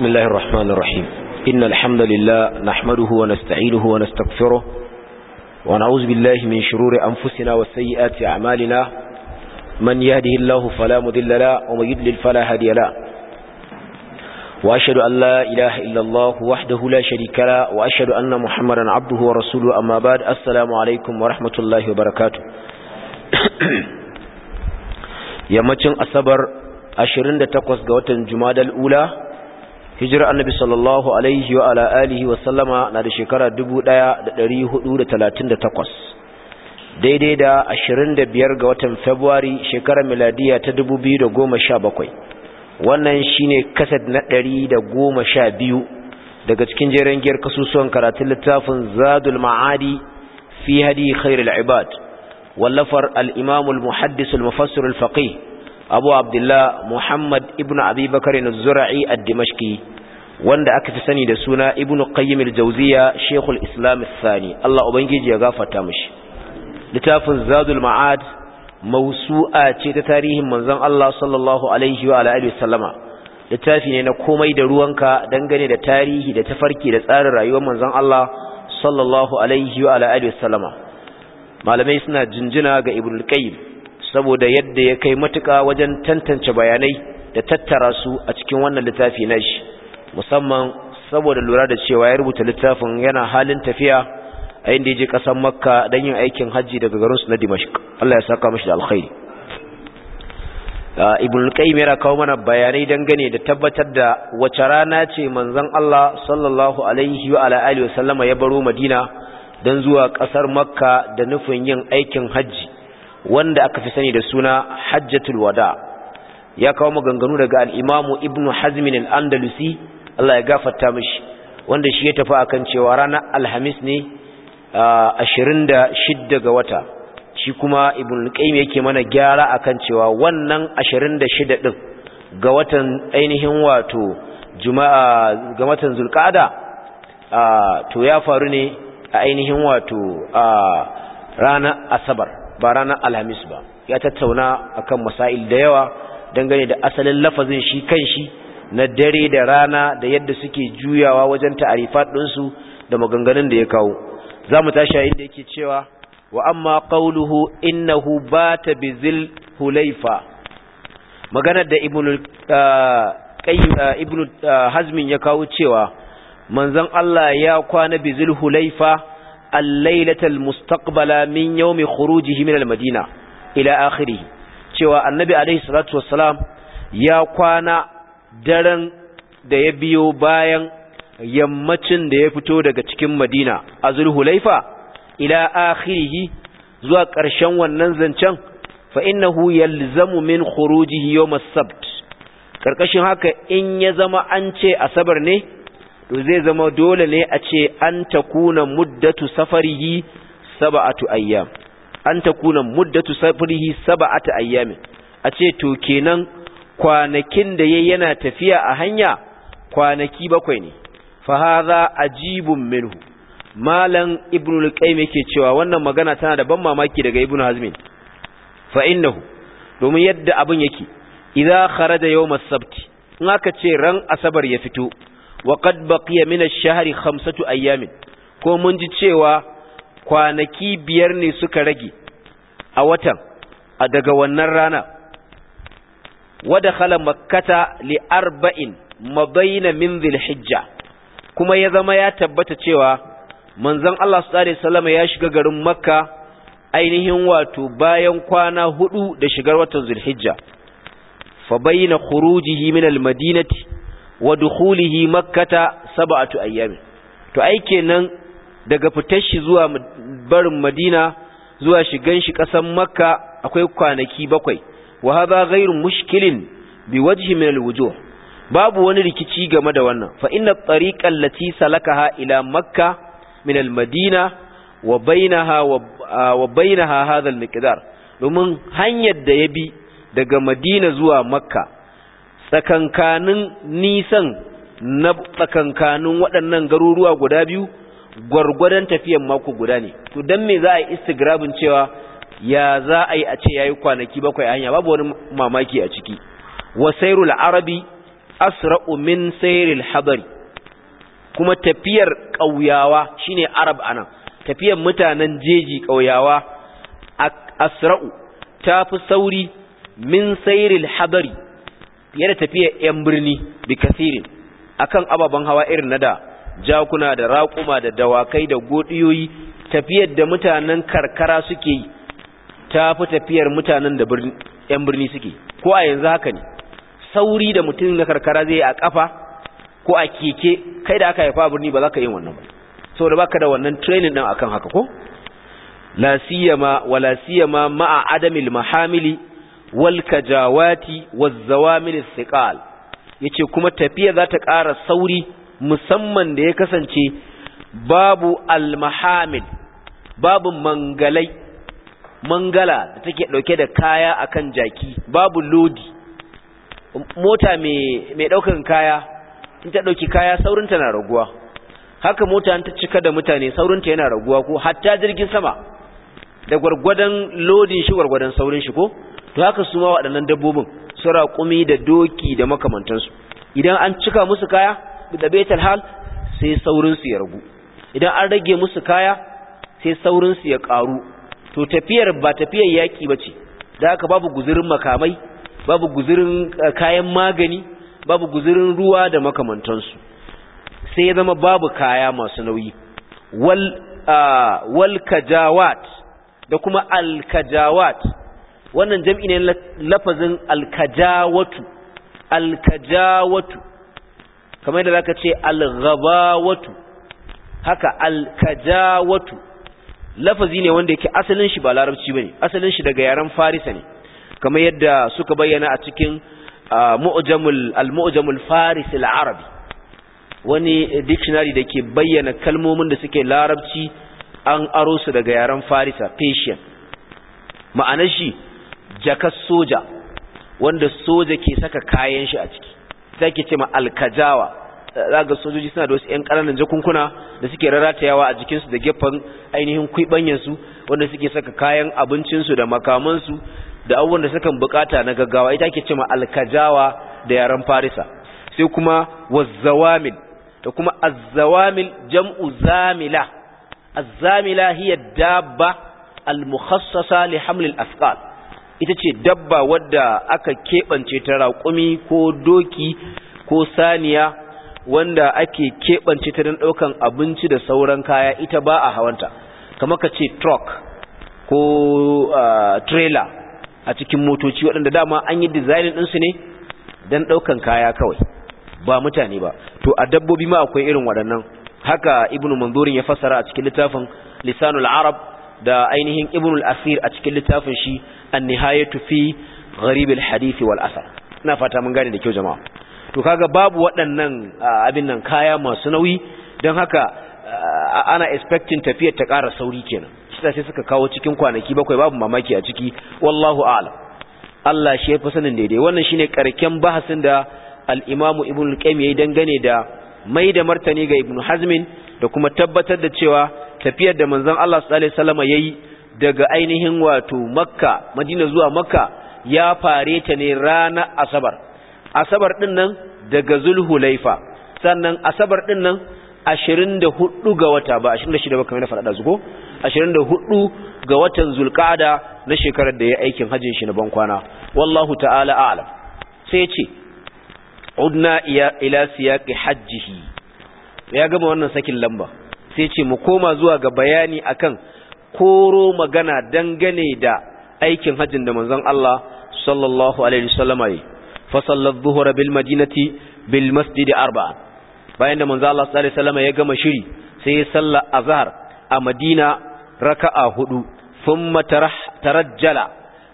بسم الله الرحمن الرحيم إن الحمد لله نحمده ونستعينه ونستغفره ونعوذ بالله من شرور أنفسنا وسيئات أعمالنا من يهده الله فلا مذل لا ومن يدلل فلا هدي لا وأشهد أن لا إله إلا الله وحده لا شريك لا وأشهد أن محمدا عبده ورسوله أما بعد السلام عليكم ورحمة الله وبركاته يمتن أصبر 28 ga watan Jumadal Ula hijira annabi sallallahu alaihi wa ala alihi wa sallama na da shekara 1438 daidai da 25 ga watan february shekarar miladiya ta 2017 wannan shine kasad na 112 daga cikin jeren giyar kasusuwan karatun littafin zadul ma'adi fi hadi khairul ibad wallafar al imamul muhaddis al-mufassir al-faqih abu abdullah muhammad ibn abi bakarin zura'i ad wanda aka fi sani da suna ibn qayyim al-jawziya shaykhul islam al-thani Allah ubangiji ya gafarta mishi littafin zadul ma'ad mawsu'a ce ta tarihin manzon Allah sallallahu alaihi wa alihi wasallama littafi ne na komai da ruwanka dangane da tarihi da tafarki da tsarin rayuwar manzon Allah sallallahu alaihi wa alihi wasallama malamai suna jinjina ga ibn qayyim saboda yadda ya kai matuka wajen tantance bayanai da tattara su a cikin wannan littafi na shi musamman saboda lura da cewa ya rubuta littafin yana halin tafiya a inda ya je ƙasar makka don yin aikin hajji daga garinsu na Dimashik. allah ya saka mashi da alkhairi ah, ibn qayyim yana kawo mana bayanai dangane da tabbatar da wace rana ce manzon Allah sallallahu alaihi wa ala alihi sallama ya baro Madina don zuwa ƙasar Makka da nufin yin aikin hajji? wanda aka fi sani da suna hajjatul wada ya kawo maganganu daga al'imamu Ibnu hazmin Andalusi. Allah ya gafarta mashi wanda shi ya tafi akan cewa ranar alhamis ne ashirin da shidda ga wata shi kuma ibn qayyim yake mana gyara akan cewa wannan ashirin da shida ɗin ga watan ainihin wato juma'a ga watan to ya faru ne a ainihin wato ranar asabar ba ranar alhamis ba ya tattauna a kan masail da yawa dangane da asalin lafazin shi kan shi na dare da rana da yadda suke juyawa wajen ta'arifat ɗinsu da maganganun da ya kawo za mu tashi a inda yake cewa wa amma qauluhu innahu bata bizil hulaifa maganar da ibnu uh, uh, ibnu uh, hazmin ya kawo cewa manzon Allah ya kwana bizil hulaifa allailatal lailatal mustaqbala min yawmi khurujihi min almadina ila akhirih cewa annabi alaihi salatu wassalam ya kwana daren da ya biyo bayan yammacin da ya fito daga cikin madina a zulhulaifa ila akhirihi zuwa ƙarshen wannan zancen fa innahu yalzamu min khurujihi yawm as-sabt karkashin haka in ya zama an ce asabar ne to zai zama dole ne a ce an ta kuna muddatu safarihi saba'atu ayyam an ta kuna muddatu safarihi saba'atu ayyam a ce to kenan kwanakin da yayi yana tafiya a hanya kwanaki bakwai ne fa hadha ajibun minhu malam ibnu al-qayyim yake cewa wannan magana tana da ban mamaki daga ibnu hazmin fa innahu domin yadda abun yake idza kharaja yawm as-sabt in aka ce ran asabar ya fito wa qad baqiya min ash-shahri khamsatu ayyamin ko mun ji cewa kwanaki biyar ne suka rage a watan a daga wannan rana wadakhala makkata li arba'in mabaina min dhil-hijja kuma ya zama ya tabbata cewa manzon Allah sallallahu alaihi ya shiga garin makka ainihin wato bayan kwana hudu da shigar watan zulhijja fa bayna khurujihi min madinati wa dukhulihi makkata sab'atu ayyam to ai kenan daga fitar shi zuwa barin madina zuwa shigan shi kasan makka akwai kwanaki bakwai wa hadha ghairu mushkilin bi wajhi min alwujuh babu wani rikici game da wannan fa inna at Lati salakaha ila makka min almadina wa bainaha wa bainaha hadha almiqdar domin hanyar da ya bi daga madina zuwa makka tsakankanin nisan na tsakankanin waɗannan garuruwa guda biyu gwargwadon tafiyan mako guda ne to dan me za a yi istigrabin cewa ya za a yi a ce yayi kwanaki bakwai a hanya babu wani mamaki a ciki wa sayrul arabi asra'u min sayril habari kuma tafiyar ƙauyawa shine arab anan tafiyar mutanen jeji ƙauyawa asra'u tafi sauri min sayril habari fiye da tafiyar 'yan birni bi kasirin akan ababen hawa irin na da jakuna da raƙuma da dawakai da godiyoyi tafiyar da mutanen karkara suke yi ta fi tafiyar mutanen da 'yan birni suke ko a yanzu haka ne sauri da mutum na karkara zai a kafa ko a keke kai da aka haifa birni ba za ka yi wannan ba saboda baka da wannan training din akan haka ko la siyama wala siyama ma'a adamil mahamili wal kajawati waz zawamil yace kuma tafiya za ta ƙara sauri musamman da ya kasance babu al mahamil babu mangalai mangala da take dauke da kaya akan jaki babu lodi mota mai daukan kaya in ta dauki kaya saurinta na raguwa haka mota ta cika da mutane saurinta yana raguwa ko hatta jirgin sama da gwargwadon lodin shi gwargwadon saurin shi ko to haka su ma waɗannan dabbobin su raƙumi da doki da makamantansu idan an cika musu kaya da betel hal sai saurin ya ragu idan an rage musu kaya sai saurin ya ƙaru to tafiyar ba tafiyar yaƙi ba ce da haka babu guzurin makamai babu guzurin eh, kayan magani babu guzurin ruwa da makamantansu sai ya zama babu kaya masu nauyi wal ah, kajawat da kuma alkajawat wannan jam'i ne lafazin alkajawatu alkajawatu kamar da zaka ce alghabawatu haka alkajawatu lafazi ne wanda yake asalin shi ba larabci bane asalin shi daga yaren farisa ne kamar yadda suka bayyana a cikin mu'jamul al-mu'jamul faris al-arabi wani dictionary da ke bayyana kalmomin da suke larabci an aro su daga yaren farisa persian ma'anar shi jakar soja wanda soja ke saka kayan shi a ciki sai ke ce ma alkajawa zaga sojoji suna da wasu 'yan ƙananan jakunkuna da suke rarratayawa a jikinsu da gefen ainihin kwibanyansu wanda suke saka kayan abincinsu da makamansu da abubuwan da sukan bukata na gaggawa ita ke ma alkajawa da yaren farisa sai kuma wazzawamil da kuma azzawamil jam'u zamila azzamila hiya dabba almukhassasa li haml asqal ita ce dabba wadda aka keɓance ta raƙumi ko doki ko saniya wanda ake keɓance ta don ɗaukan abinci da sauran kaya ita ba a hawanta kamar ka ce truck ko ah, trailer a cikin motoci waɗanda dama an yi dizainin ɗinsu ne don ɗaukan kaya kawai ba mutane ba to a dabbobi ma akwai irin waɗannan haka Ibn manzurin ya fassara a cikin littafin lisanul arab da ainihin ibn al-asir a cikin littafin shi an-nihayatu fi gharib al-hadith wal asar ina fata mun gane da kyau jama'a to kaga babu waɗannan abin nan kaya masu nauyi don haka ana expecting tafiyar ta ƙara sauri kenan shi sai suka kawo cikin kwanaki bakwai babu mamaki a ciki wallahu a'lam Allah shi ya fi sanin daidai wannan shine karken bahasin da al-Imam Ibn al-Qayyim yayi dangane da mai da martani ga Ibn Hazmin da kuma tabbatar da cewa tafiyar da manzon Allah sallallahu alaihi wasallam yayi daga ainihin wato Makka Madina zuwa Makka ya fare ta ne ranar Asabar Asabar din nan daga Zulhulaifa sannan Asabar din nan 24 ga wata ba 26 ba kamar na faɗa zuko 24 ga watan Zulqa'da na shekarar da ya aikin hajjin shi na bankwana wallahu ta'ala a'lam sai ce udna ila siyaqi hajjihi ya gama wannan sakin lamba sai ce mu koma zuwa ga bayani akan koro magana dangane da aikin hajjin da manzon Allah sallallahu alaihi wasallama yi fa sallat dhuhur bil madinati bil masjid arba'a bayan da manzon Allah sallallahu alaihi wasallama ya gama shiri sai ya salla azhar a Madina raka'a hudu thumma tarajjala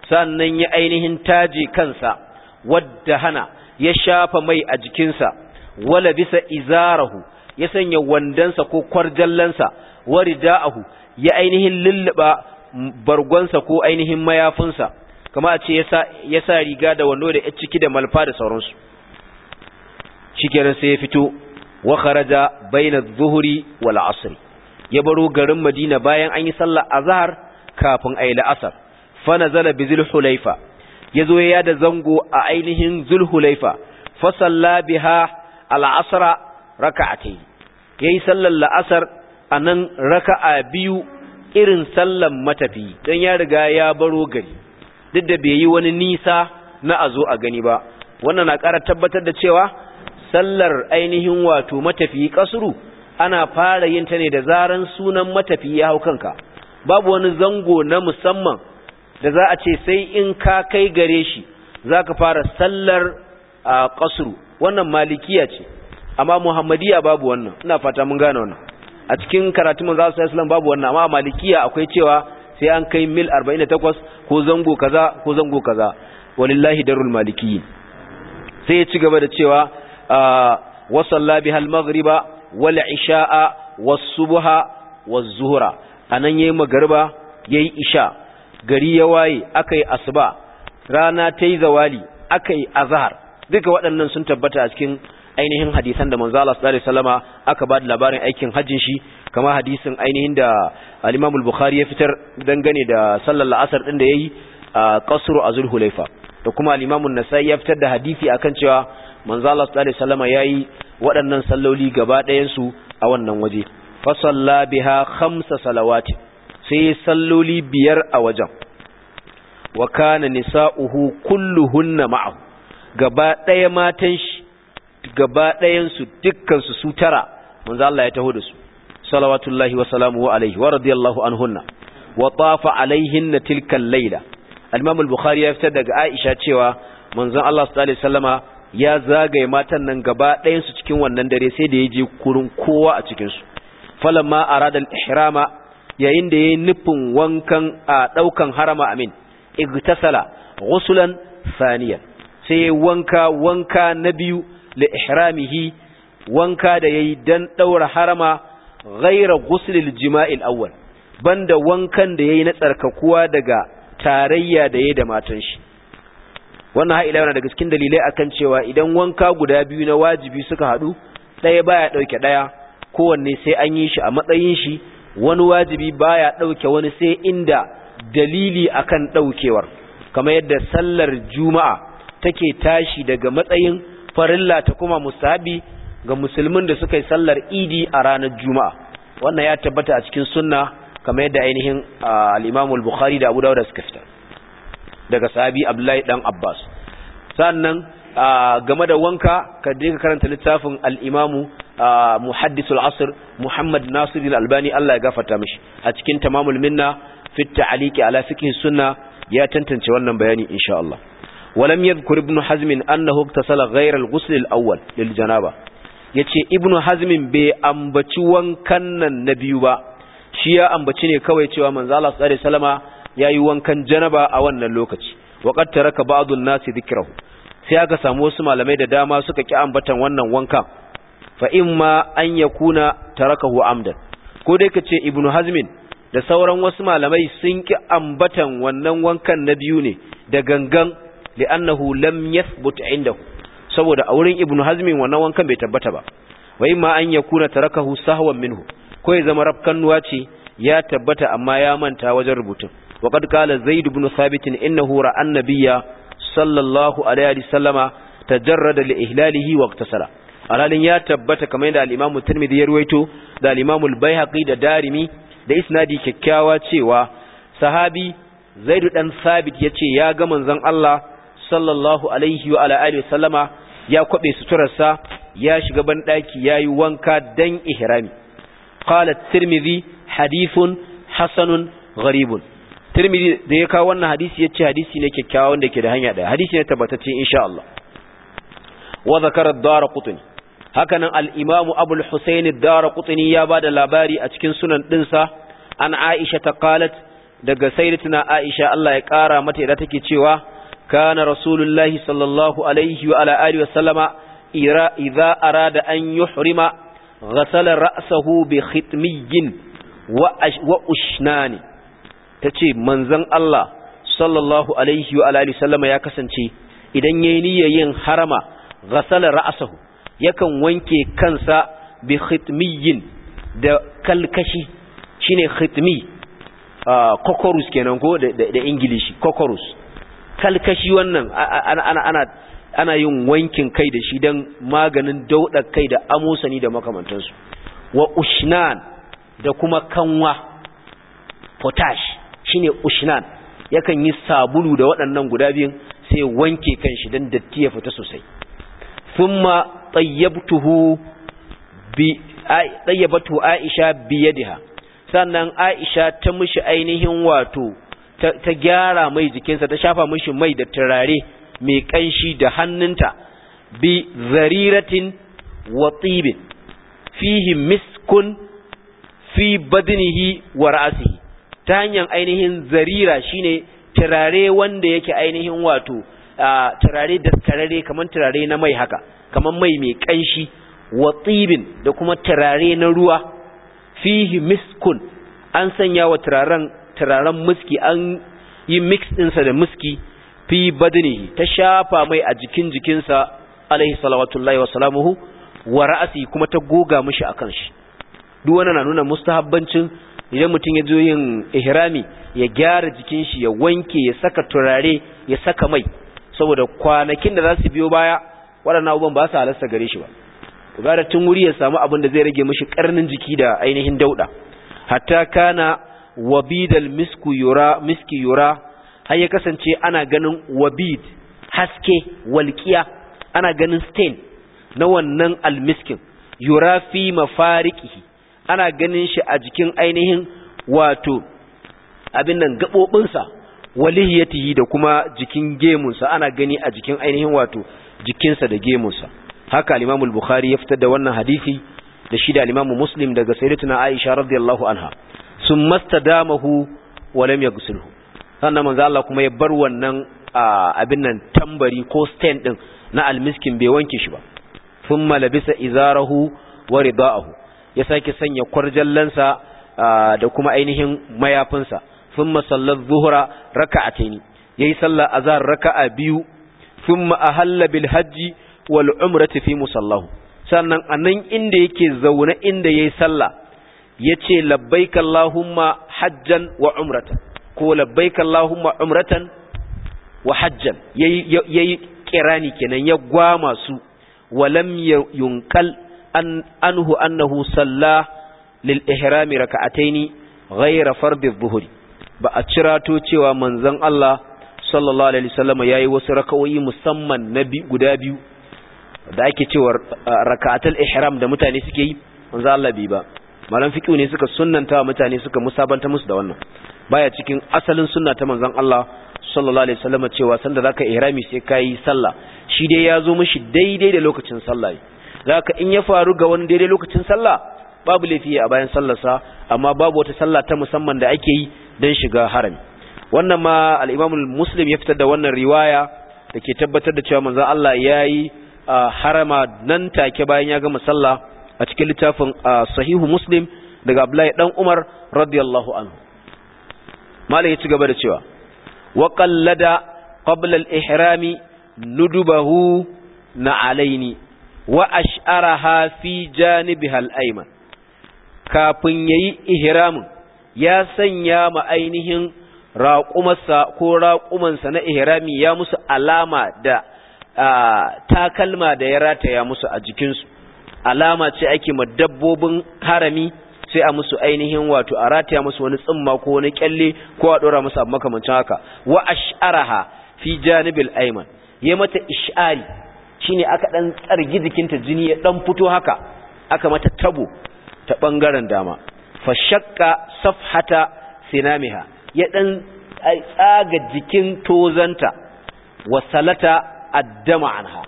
sannan ya ainihin taje kansa wadda hana ya shafa mai a jikinsa wala bisa izarahu ya sanya wandansa ko kwarjallansa wa rida'ahu ya ainihin lulluba bargonsa ko ainihin mayafinsa kama a ce ya sa riga da wando da ciki da malfa da sauransu shikenan sai ya fito wa kharaja baina zuhuri dhuhri wal 'asr ya baro garin Madina bayan an yi sallar azhar kafin ayi la'asar fa nazala bi zulhulaifa yazo ya da zango a ainihin zulhulaifa fa salla biha al-'asra raka'a ta yi ya sallar la'asar a nan raka'a biyu irin sallar matafi don ya riga ya baro gari duk da bai yi wani nisa na azo a gani ba wannan na ƙara tabbatar da cewa sallar ainihin wato matafi kasuru ana fara yin ta ne da zaran sunan matafi ya hau kanka babu wani zango na musamman da za a ce sai in ka kai gare shi za ka fara sallar a kasuru wannan malikiya ce amma muhammadiya babu wannan ina fata mun gane wannan a cikin karatu manzo sallallahu alaihi wasallam babu wannan amma malikiya akwai cewa sai an kai mil 48 ko zango kaza ko zango kaza walillahi darul malikiyin sai ya ci gaba da cewa ah, wa salla biha maghriba wal isha'a was subha was zuhra anan yayi magriba yayi isha gari ya waye akai asuba rana tayi zawali akai azhar duka waɗannan sun tabbata a cikin ainihin hadisan da manzo Allah sallallahu alaihi wasallama aka ba da labarin aikin hajjin shi kamar hadisin ainihin da al-Imam al-Bukhari ya fitar dangane da sallar la'asar din da yayi a Qasr azul hulaifa da kuma al-Imam an-Nasa'i ya fitar da hadisi akan cewa manzo Allah sallallahu alaihi wasallama yayi waɗannan salloli gaba ɗayan su a wannan waje fa salla biha khamsa salawati sai salloli biyar a wajen wa kana nisa'uhu kulluhunna ma'ahu gaba ɗaya matan shi gaba ɗayansu dukkansu su tara manzo Allah ya taho da su salawatullahi wa salamuhu alaihi wa radiyallahu anhunna wa tafa na tilkan layla al-imam al-bukhari ya fitar daga aisha cewa manzon Allah sallallahu alaihi wasallama ya zagaye matan nan gaba ɗayansu cikin wannan dare sai da ya je kurin kowa a cikin su falamma arada al-ihrama yayin da yayin nufin wankan a daukan harama amin igtasala ghusulan thaniyan sai wanka wanka na biyu li ihramihi wanka da yayi dan daura harama ghaira jima' al awwal banda wankan da yayi na tsarkakuwa daga tarayya da yayi da matan shi wannan ha'ila yana daga cikin dalilai akan cewa idan wanka guda biyu na wajibi suka hadu daya baya dauke daya kowanne sai an yi shi a matsayin shi wani wajibi baya dauke wani sai inda dalili akan daukewar kamar yadda sallar juma'a take tashi daga matsayin farilla ta kuma musabi ga musulmin da suka yi sallar idi a ranar juma'a wannan ya tabbata a cikin sunna kamar yadda ainihin al bukhari da abu da suka fita daga sahabi abdullahi dan abbas sannan game da wanka ka dinga karanta littafin alimamu imam muhaddis asr muhammad nasir al-albani Allah ya gafarta mishi a cikin tamamul minna fi at ala fiqh sunna ya tantance wannan bayani insha Allah ولم يذكر ابن حزم أنه اغتسل غير الغسل الأول للجنابة yace ibnu hazmin bai ambaci wankan nan na biyu ba shi ya ambaci ne kawai cewa manzo Allah sallallahu alaihi wasallama yayi wankan janaba a wannan lokaci wa taraka ba'dun nasi dhikrahu sai aka samu wasu malamai da dama suka ki ambatan wannan wankan fa imma an yakuna tarakahu amdan ko dai kace ibnu hazmin da sauran wasu malamai sun ki ambatan wannan wankan na biyu ne da gangan li'annahu lam yathbut indahu saboda a wurin ibnu hazmin wannan wankan bai tabbata ba wai ma an yakuna tarakahu sahwan minhu ko ya zama rafkan nuwa ce ya tabbata amma ya manta wajen rubutun wa qad qala zaid ibn thabit innahu ra'a annabiyya sallallahu alaihi wasallama tajarrada li ihlalihi wa iktasara alalin ya tabbata kamar yadda al-imam at-tirmidhi ya ruwaito da al-imam al-baihaqi da darimi da isnadi kyakkyawa cewa sahabi zaid dan thabit yace ya ga manzon Allah sallallahu alaihi wa ala sallama ya kwabe suturarsa ya shiga ban ya yayi wanka dan ihrami qala tirmidhi hadithun hasanun gharibun tirmidhi da ya kawo wannan hadisi ya ce hadisi ne kyakkyawan da ke da hanya daya hadisi ne tabbatacce insha Allah wa zakara hakanan al-imamu abul husayn ya ba ya labari a cikin sunan dinsa an aisha ta qalat daga sayyidatina aisha Allah ya kara mata da take cewa kana rasulullahi sallallahu alaihi wa ala alihi wa sallama idza arada an yuhrima ghasala ra'sahu bi khitmiyyin wa ushnani tace manzon Allah sallallahu alaihi wa alihi sallama ya kasance idan yayi niyyar yin harama ghasala ra'sahu yakan wanke kansa bi khitmiyyin da kalkashi shine khitmi kokorus kenan ko da ingilishi kokorus kalkashi wannan ana yin wankin kai da shi don maganin dauɗa kai da amosani da makamantansu wa ushnan da kuma kanwa potash shi ne ushnan yakan yi sabulu da waɗannan guda biyun sai wanke kanshi don datti ya fita sosai ma tayyabtuhu Aisha aisha biyadiha sannan aisha ta mishi ainihin wato ta gyara mai jikinsa ta shafa mishi mai da turare mai kanshi da hannunta bi zariratin wa tibin fihi miskun fi badnihi wa ra'sihi ta hanyar ainihin zarira shine turare wanda yake ainihin wato turare da turare kamar turare na mai haka kaman mai mai kanshi wa tibin da kuma turare na ruwa fihi miskun an sanya wa turaren turaren muski an yi mix ɗinsa da muski fi badini ta shafa mai a jikin jikinsa alaihi salawatullahi wa salamuhu wa ra'asi kuma ta goga mashi a kan shi duk wani na nuna mustahabbancin idan mutum ya zo yin ihrami ya gyara jikin shi ya wanke ya saka turare ya saka mai saboda kwanakin da za su biyo baya waɗannan abubuwan ba su halasta gare shi ba gara tun wuri ya samu abin da zai rage mishi ƙarnin jiki da ainihin dauɗa. hatta kana wabidal misku miski yura har ya kasance ana ganin wabid haske walƙiya ana ganin stain na wannan al-miskin, yura fi mafariqihi ana ganin shi a jikin ainihin wato abin nan gabobinsa walihiyatihi da kuma jikin gemunsa ana gani a jikin ainihin wato jikinsa da gemunsa haka al-Imam al-Bukhari ya fitar da wannan hadisi da shi da al-Imam Muslim daga Sayyidatuna Aisha radiyallahu anha sun masta damahu walam ya gusulhu sannan manzo Allah kuma ya bar wannan abin nan tambari ko stand din na almiskin bai wanke shi ba thumma labisa izarahu wa ridaahu ya sake sanya kwarjallansa da kuma ainihin mayafinsa thumma sallat zuhra raka'ataini yayi sallar azhar raka'a biyu thumma ahalla bil hajji wal umrati fi musallahu sannan anan inda yake zaune inda yayi sallah yace labbaika allahumma hajjan wa umratan ko labbaika allahumma umratan wa hajjan yayi kirani kenan ya gwama su walam yunkal anhu annahu salla lil ihrami raka'ataini ghayra fardi dhuhri ba a cirato cewa manzon Allah sallallahu alaihi wasallam yayi wasu raka'o'i musamman na guda biyu da ake cewa raka'atul ihram da mutane suke yi manzon Allah bai ba malam fiqh ne suka sunnanta mutane suka musabanta musu da wannan baya cikin asalin sunna ta manzon Allah sallallahu alaihi wasallam cewa sanda zaka ihrami sai kai sallah shi dai ya zo mishi daidai da lokacin sallah zaka in ya faru ga wani daidai lokacin sallah babu laifi a bayan sallarsa amma babu wata sallah ta musamman da ake yi dan shiga harami wannan ma al-Imam Muslim ya fitar da wannan riwaya da ke tabbatar da cewa manzon Allah yayi ah, harama nan take bayan ya gama sallah a cikin littafin sahihu muslim daga abdullahi dan umar radiyallahu anhu malai ya ci gaba da cewa wa qallada qabla al-ihrami nudubahu alaini wa ash'araha fi janibiha al-ayman kafin yayi ihramin ya sanya ma ainihin raƙumarsa ko raƙumansa na ihrami ya musu alama da takalma da ya rataya musu a jikinsu alama ce ake ma dabbobin harami sai a musu ainihin wato a rataya musu wani tsimma ko wani kyalle ko a dora musu abu makamancin haka wa ash'araha fi janibil ayman ya mata ish'ari shine aka dan tsargi jikinta jini ya dan fito haka aka mata tabo ta bangaren dama fa shakka safhata sinamiha ya dan tsaga jikin tozanta wasalata addama anha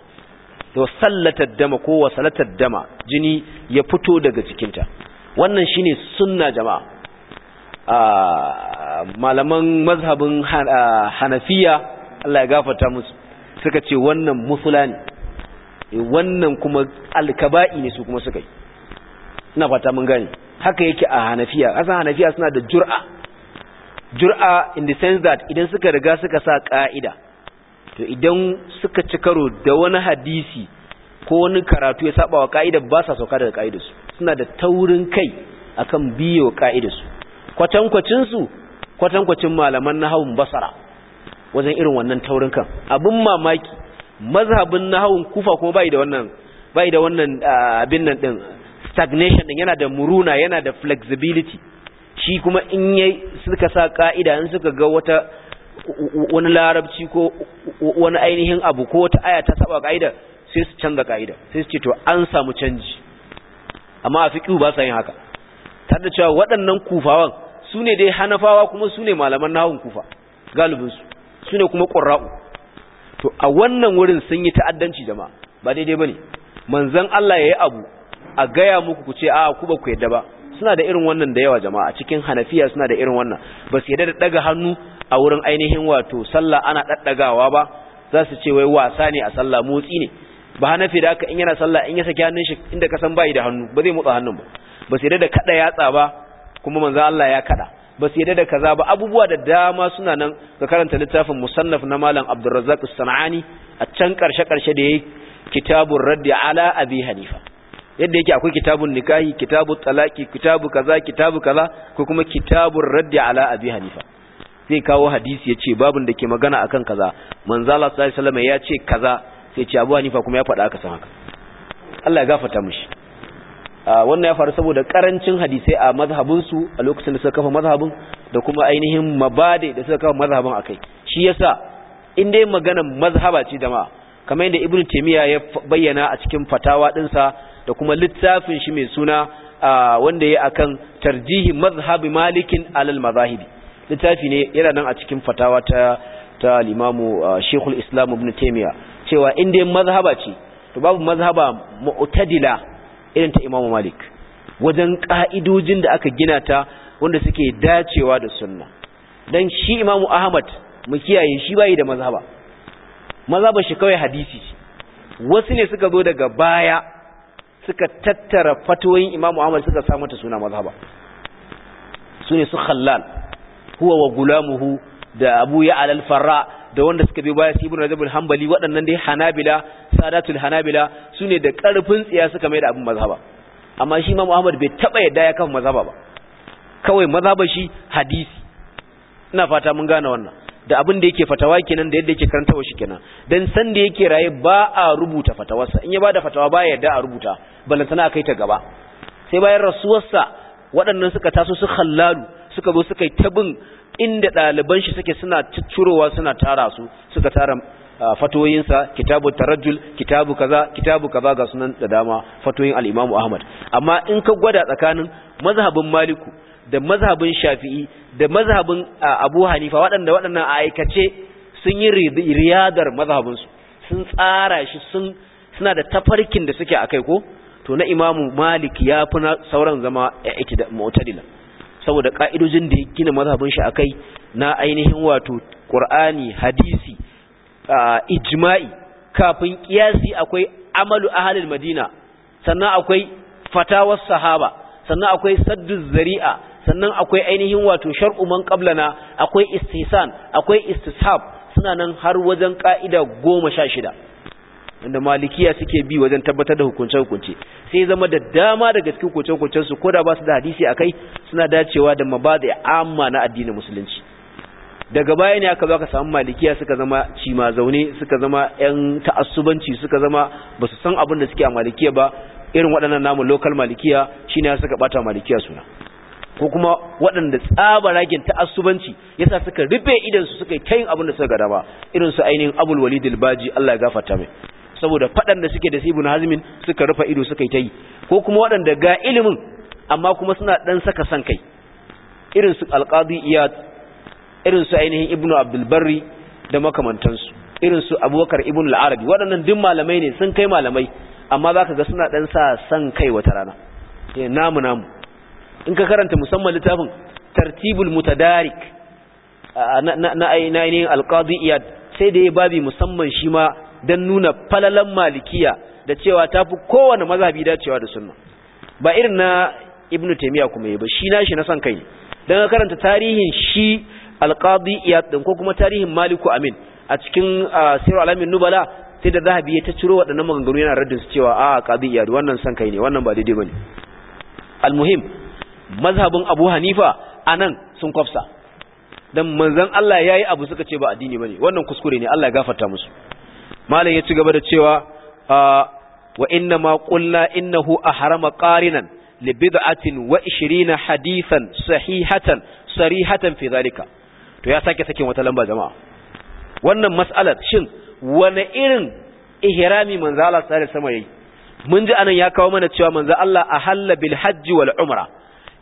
wa sallatar dama ko wa dama jini ya fito daga jikinta wannan shine sunna jama'a malaman mazhabin hanafiya Allah ya gafarta musu suka ce wannan musula eh, wannan kuma alkaba'i ne su kuma suka yi ina fata mun gani. haka yake a hanafiya asan hanafiya suna da jur'a jur'a in the sense that idan suka riga suka sa ka'ida to idan suka ci karo da wani hadisi ko wani karatu ya saba wa ka'idar ba sa sauka daga ka'idarsu suna da taurin kai akan biye wa ka'idarsu kwatankwacin su kwatankwacin malaman nahawun basara wajen irin wannan taurin kan abin mamaki mazhabin nahawun kufa kuma bai da wannan bai da wannan abin nan din stagnation din yana da muruna yana da flexibility shi kuma in yayi suka sa ka'ida in suka ga wata wani larabci ko wani ainihin abu ko wata aya ta saba ka'ida sai su canza ka'ida sai su ce to an samu canji amma a fiqhu ba sa yin haka tare cewa waɗannan kufawan su ne dai hanafawa kuma su ne malaman nahun kufa galibinsu su ne kuma ƙura'u to a wannan wurin sun yi ta'addanci jama'a ba daidai ba ne manzan Allah ya yi abu a gaya muku ku ce a ku ba ku yadda ba suna da irin wannan da yawa jama'a cikin hanafiya suna da irin wannan ba su yadda da daga hannu a wurin ainihin wato sallah ana daddagawa ba za su ce wai wasa ne a sallah motsi ne ba hanafi da aka in yana sallah in ya saki hannun shi inda ka san bai da hannu ba zai motsa hannun ba ba sai da kada yatsa ba kuma manzo Allah ya kada ba sai da kaza ba abubuwa da dama suna nan ga karanta littafin musannaf na malam Abdurrazzaq As-Sanani a can karshe karshe da yayi kitabur raddi ala abi hanifa yadda yake akwai kitabun nikahi kitabut talaki kitabu kaza kitabu kaza ko kuma kitabur raddi ala abi hanifa sai kawo hadisi ya ce babin da ke magana akan kaza manzo Allah sallallahu alaihi ya ce kaza sai ce Abu Hanifa kuma ya faɗa aka san haka Allah ya gafarta mishi wannan ya faru saboda karancin hadisai a mazhabin su a lokacin da suka kafa mazhabin da kuma ainihin mabade da suka kafa mazhabin akai shi yasa in dai magana mazhaba ce jama'a kamar yadda Ibn Taymiyyah ya bayyana a cikin fatawa dinsa da kuma littafin shi mai suna wanda ya akan tarjihi mazhabi malikin alal mazahibi littafi ne yana nan a cikin fatawa ta ta limamu uh, shekul islam ibn taimiyya cewa indai mazhaba ce to babu mazhaba mu'tadila irin ta imamu malik wajen ka'idojin da aka gina ta wanda suke dacewa da sunna dan shi imamu ahmad mu kiyaye shi bai da mazhaba mazhaba shi kawai hadisi wasu ne suka zo daga baya suka tattara fatoyin imamu ahmad suka sa mata suna mazhaba su ne su khallal huwa wa gulamuhu da abu ya alal farra da wanda suka bi baya sibin rajab al hanbali waɗannan dai hanabila sadatul hanabila su ne da ƙarfin tsiya suka mai da abin mazhaba amma shi ma muhammad bai taba yadda ya kafa mazhaba ba kawai mazhaba shi hadisi ina fata mun gane wannan da abin da yake fatawa kenan da yadda yake karantawa shi kenan dan sanda yake raye ba a rubuta fatawarsa in ya bada fatawa ba yadda a rubuta balantana kai ta gaba sai bayan rasuwarsa waɗannan suka taso su khallalu suka zo suka yi tabin inda ɗaliban shi suke suna curowa suna tara su suka tara fatoyinsa kitabu tarajjul kitabu kaza kitabu kaza ga sunan da dama fatoyin al-Imam Ahmad amma in ka gwada tsakanin mazhabin Maliku da mazhabin Shafi'i da mazhabin Abu Hanifa waɗanda waɗannan a aikace sun yi riyadar mazhabin su sun tsara shi sun suna da tafarkin da suke akai ko to na Imam Malik ya fi sauran zama mu'tadila saboda ka'idojin da ya gina mazhabin shi akai na ainihin wato qur'ani hadisi ijma'i kafin kiyasi akwai amalu ahlul madina sannan akwai fatawar sahaba sannan akwai saddu zari'a sannan akwai ainihin wato shar'u man qablana akwai istihsan akwai istishab suna nan har wajen ka'ida goma sha shida inda malikiya suke bi wajen tabbatar da hukunce-hukunce sai zama da dama daga cikin hukunce-hukuncen su koda da ba su da hadisi a kai suna dacewa da mabadi'a amma na addinin musulunci daga baya ne aka zo aka samu malikiya suka zama cima zaune suka zama yan ta'assubanci suka zama ba su san abin da suke a malikiya ba irin waɗannan namu local malikiya shine suka bata malikiya suna ko kuma waɗanda tsaba ragin ta'assubanci yasa suka rufe idan su suka yi kayan abin da suka gada ba irin su ainihin abul walid baji Allah ya gafarta mai saboda faɗan da suke da su ibn hazmin suka rufa ido suka yi ta yi ko kuma waɗanda ga ilimin amma kuma suna ɗan saka san kai irin su alƙadi iyad irin su ainihin ibnu abdul barri da makamantansu irin abubakar ibn al waɗannan duk malamai ne sun kai malamai amma zaka ga suna ɗan sa san kai wata rana eh, namu namu in ka karanta musamman littafin tartibul mutadarik na ainihin alƙadi iyad sai da ya babi musamman shi ma don nuna falalan malikiya da cewa ta fi kowane mazhabi dacewa da sunna ba irin na ibnu taimiyya kuma ba shi nashi na son kai don karanta tarihin shi alqadi iyad din ko kuma tarihin maliku amin a cikin sirru alamin nubala sai da zahabi ya ta ciro waɗannan maganganu yana raddin su cewa a qadi iyad wannan son kai ne wannan ba daidai bane almuhim mazhabin abu hanifa anan sun kwafsa dan manzon Allah yayi abu suka ce ba addini bane wannan kuskure ne Allah ya gafarta musu malam ya ci gaba da cewa ah, wa inna ma qulna innahu ahrama qarinan li bid'atin wa 20 hadithan sahihatan sarihatan fi zalika to ya sake sakin wata lamba jama'a wannan mas'alar shin wani irin ihrami manzo Allah sallallahu alaihi wasallam yayi mun ji anan ya kawo mana cewa manzo Allah ahalla bil hajji wal umra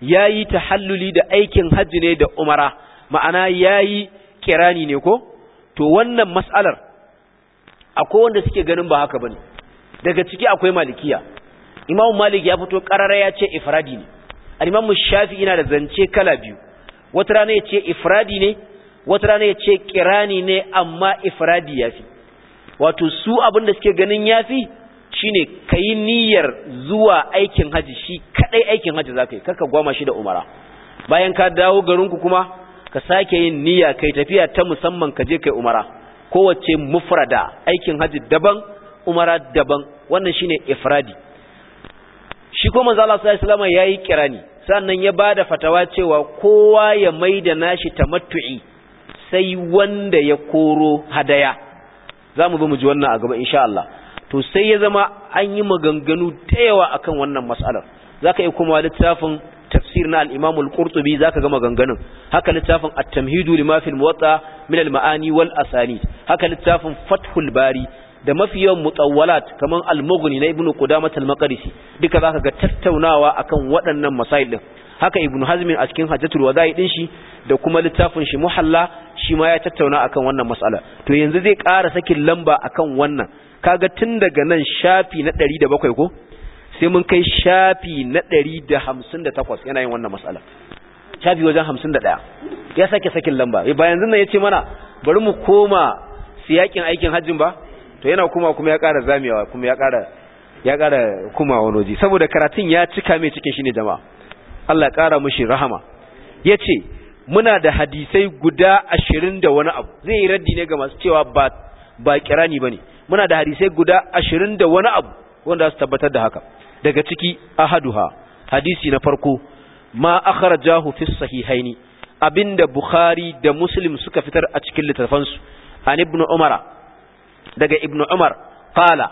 yayi tahalluli da aikin hajji ne da umara ma'ana yayi kirani ne ko to wannan mas'alar akwai wanda suke ganin ba haka bane daga ciki akwai malikiya imamu malik ya fito karara ya ce ifradi ne al-imamu shafi'i yana da zance kala biyu wata rana ya ce ifradi ne wata rana ya ce kirani ne amma ifradi yafi wato su abinda suke ganin yafi shine kayi niyyar zuwa aikin haji shi kadai aikin haji zaka karka kaka goma shi da umara bayan ka dawo garinku kuma ka sake yin niyya kai tafiya ta musamman ka je kai umara kowace mufrada aikin hajji daban umara daban wannan shine ifradi shi kuma manzo Allah sallallahu alaihi wasallam yayi kirani sannan ya bada fatawa cewa kowa ya maida nashi tamattu'i sai wanda ya koro hadaya zamu zo mu ji wannan a gaba insha Allah to sai ya zama an yi maganganu ta yawa akan wannan mas'alar zaka yi kuma littafin tafsir na al-Imam al-Qurtubi zaka ga maganganun haka littafin at-tamhidu lima fil muwatta min al-ma'ani wal asanid haka littafin fathul bari da yawan mutawwalat kaman al-mughni na ibnu qudamah al-maqdisi duka zaka ga tattaunawa akan waɗannan masail din haka ibnu hazm a cikin hajjatul wada'i din shi da kuma littafin shi muhalla shi ma ya tattauna akan wannan mas'ala to yanzu zai ƙara sakin lamba akan wannan kaga tun daga nan shafi na 107 ko sai mun kai shafi na ɗari da da hamsin takwas yana yin wannan matsala shafi wajen hamsin da ɗaya ya sake sakin lamba eh, ba yanzu nan ce mana bari mu koma siyakin aikin hajjin ba to yana kuma kuma ya ƙara zamewa kuma ya ƙara ya ƙara kuma wani waje saboda karatun ya cika mai cikin shi ne jama'a Allah ƙara mushi rahama ya ce muna da hadisai guda ashirin da wani abu zai yi raddi ne ga masu cewa ba ba kirani bane muna da hadisai guda ashirin da wani abu wanda su tabbatar da haka daga ciki ahaduha hadisi na farko ma akhrajahu fi sahihaini abinda bukhari da muslim suka fitar a cikin littafansu an ibnu umara daga ibnu umar qala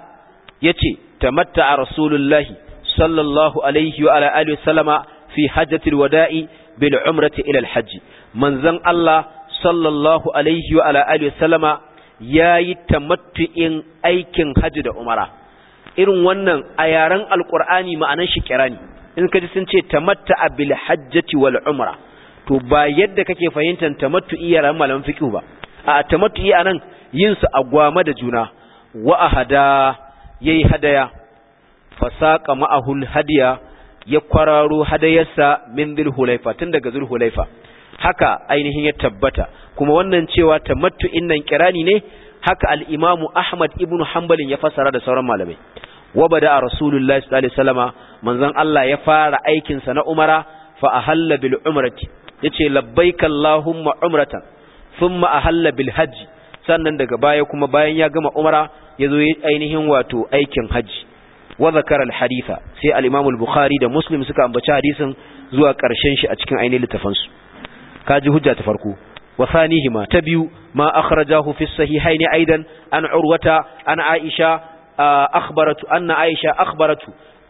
yace tamatta rasulullahi sallallahu alaihi wa ala alihi sallama fi hajjatil wada'i bil umrati ila al Manzan manzon Allah sallallahu alaihi wa ala alihi sallama yayi tamattu'in aikin hajji da umara irin wannan a yaren alkur'ani ma'anan shi kirani in ka ji sun ce tamatta a hajjati wal umra to ba yadda kake fahimtar tamattu iya ran malam fiqh ba a tamattu iya nan yin su a gwama da juna wa ahada yayi hadaya fasaqa ma'ahu hadiya ya kwararo hadayarsa min dhul hulaifa tun daga zulhulaifa hulaifa haka ainihin ya tabbata kuma wannan cewa tamattu innan kirani ne haka alimamu ahmad ibn hanbalin ya fassara da sauran malamai wabada a rasulullahi sallallahu alaihi wasallama manzon Allah ya fara aikin sa na umara fa ahalla bil umrati yace labbaika allahumma umratan a ahalla bil hajji. sannan daga baya kuma bayan ya gama umara zo ainihin wato aikin hajji wa al haditha sai Al'imamul bukhari da muslim suka ambaci hadisin zuwa ƙarshen shi a cikin ainihin littafansu kaji hujja ta farko وثانيهما تبيو ما أخرجاه في الصحيحين أيضا أن عروة أن عائشة أخبرت أن عائشة أخبرت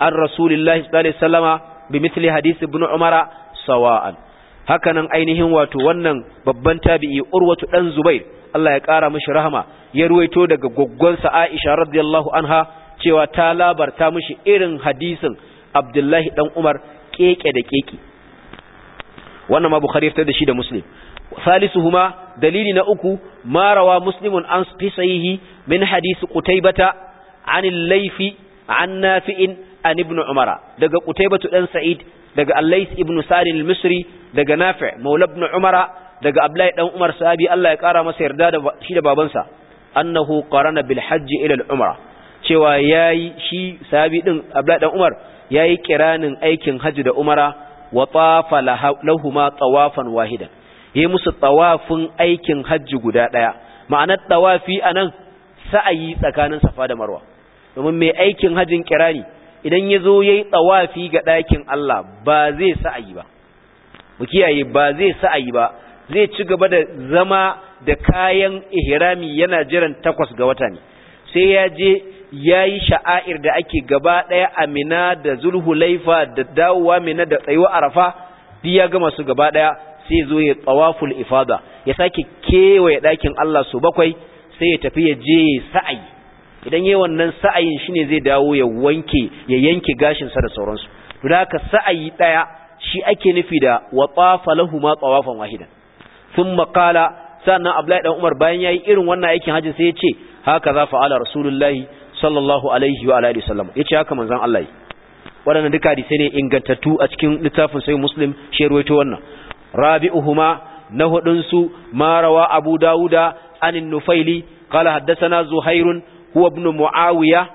عن رسول الله صلى الله عليه وسلم بمثل حديث ابن عمر سواء hakanan ainihin wato wannan babban tabi'i urwatu dan zubair Allah ya kara mashi rahma ya ruwaito daga goggonsa Aisha radiyallahu anha cewa ta labarta mashi irin hadisin Abdullahi dan Umar keke da keke wannan ma Bukhari da shi da Muslim salisuhuma dalili na uku ma rawa muslimun an fi min hadisi kutaibata an al-layfi an an ibn umara daga kutaibatu dan sa'id daga al ibnu ibn sa'id al-misri daga nafi' maula ibn umara daga abdullahi dan umar sahabi Allah ya kara masa yarda shi da babansa annahu qarana bil hajj ila cewa yayi shi sahabi din abdullahi dan umar ya yi kiranin aikin hajji da umara wa tafa lahuma tawafan wahidan yi musu tawafin aikin hajji guda ɗaya, ma'anar tawafi nan sa'ayi tsakanin safa da marwa domin mai aikin hajjin kirani idan ya zo ya yi tawafi ga ɗakin Allah ba zai sa'ayi ba mu kiyaye ba zai sa'ayi ba zai ci gaba da zama da kayan ihrami yana jiran takwas ga wata ne sai ya je ya yi sha'air da ake gaba ɗaya amina da zulhu laifa da dawowa mina da tsayuwa arafa duk ya gama su gaba ɗaya sai zo ya tsawaful ifada ya sake kewaye ɗakin Allah su bakwai sai ya tafi ya je sa'ayi idan yayi wannan sa'ayin shine zai dawo ya wanke ya yanke gashin sa da sauransu to da haka sa'ayi daya shi ake nufi da wa lahu ma tsawafan wahidan thumma qala sannan Abdullahi dan Umar bayan yayi irin wannan aikin haji sai ya ce haka za fa'ala rasulullahi sallallahu alaihi wa alihi wasallam yace haka manzon Allah yi waɗannan duka hadisai ne ingantattu a cikin littafin sai muslim shi ruwaito wannan رابعهما نهدنس ما روى أبو داود عن النفيل قال حدثنا زهير هو ابن معاوية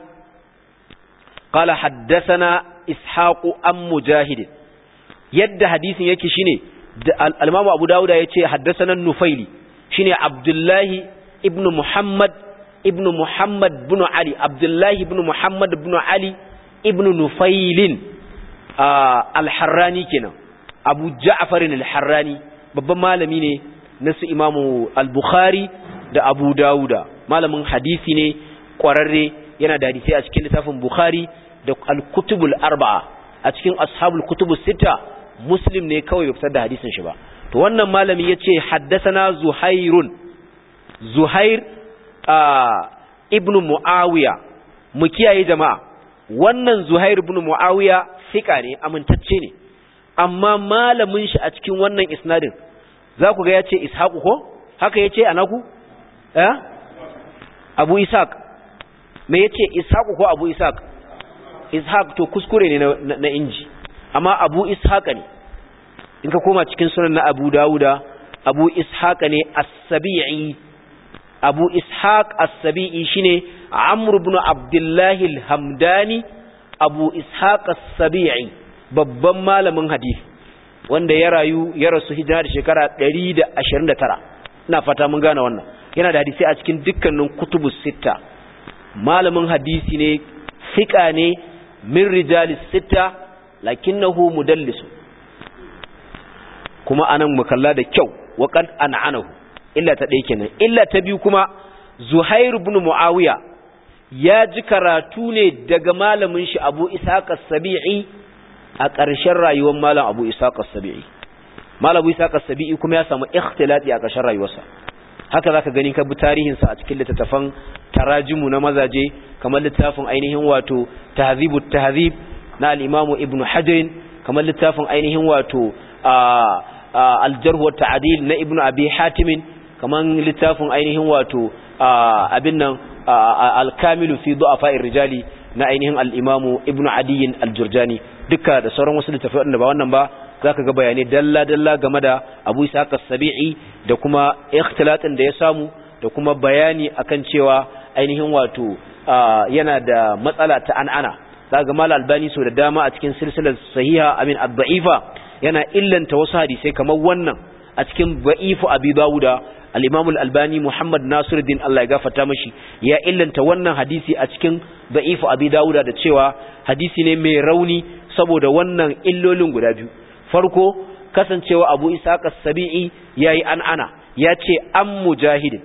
قال حدثنا إسحاق أم مجاهد يد حديث يكي شيني الإمام أبو داود يتي حدثنا النفيل شيني عبد الله ابن محمد ابن محمد بن علي عبد الله بن محمد بن علي ابن نفيل آه الحراني كنا abu ja'farin al-harrani babban malami ne na su imamu al-bukhari da abu dawuda malamin hadisi ne kwararre yana da hadisi a cikin littafin bukhari da al-kutubul arba'a a cikin ashabul kutubu sita muslim ne kawai ya fitar da hadisin shi ba to wannan malami yace haddathana zuhairun zuhair ibn muawiya mu kiyaye jama'a wannan zuhair ibn muawiya fika ne amintacce ne amma malamin shi a cikin wannan isnadin za ku ga ya ce ishaqu ko haka ya ce a naku eh abu ishaq me ya ce ishaqu ko abu ishaq ishaq to kuskure ne na inji amma abu ishaqa ne in ka koma cikin sunan na abu dawuda abu ishaqa ne as-sabi'i abu ishaq as-sabi'i shine amr ibn abdullahi al-hamdani abu ishaq as-sabi'i babban malamin hadisi wanda ya rayu ya rasu hijira da shekara 129 ina fata mun gane wannan yana da hadisi a cikin dukkanin kutubus sita. malamin hadisi ne fiqa ne min rijalis sita lakinnahu mudallis kuma anan mu kalla da kyau wa qad an'anahu illa ta dai kenan illa ta biyu kuma zuhair ibn muawiya ya ji karatu ne daga malamin shi abu ishaq as-sabi'i a ƙarshen rayuwar malam abu isaq as-sabi'i malam abu sabii kuma ya samu ikhtilati a ƙarshen rayuwarsa haka zaka gani ka bi tarihin sa a cikin littattafan tarajimu na mazaje kamar littafin ainihin wato tahzibut tahzib na al-imamu ibnu hajar kamar littafin ainihin wato al-jarh wa ta'dil na ibnu abi hatim kamar littafin ainihin wato abin nan al-kamilu fi du'afa rijali na ainihin al'imamu ibnu Ibn Adi al duka da sauran wasu littafai wanda ba wannan ba zaka ga bayanai dalla dalla game da Abu isa haka sabii da kuma ikhtilatin da ya samu da kuma bayani akan cewa ainihin wato yana da matsala ta an'ana zaka gama albani so da dama a cikin silsilar sahiha amin ad-da'ifa yana illanta wasu hadisai kamar wannan a cikin ba'ifu abi dawuda alimamul al-albani muhammad nasiruddin Allah ya gafarta mashi ya illanta wannan hadisi a cikin da'ifu abi dauda da cewa hadisi ne mai rauni saboda wannan illolin guda biyu farko kasancewa abu ishaq as-sabi'i yayi an'ana ya ce an mujahidin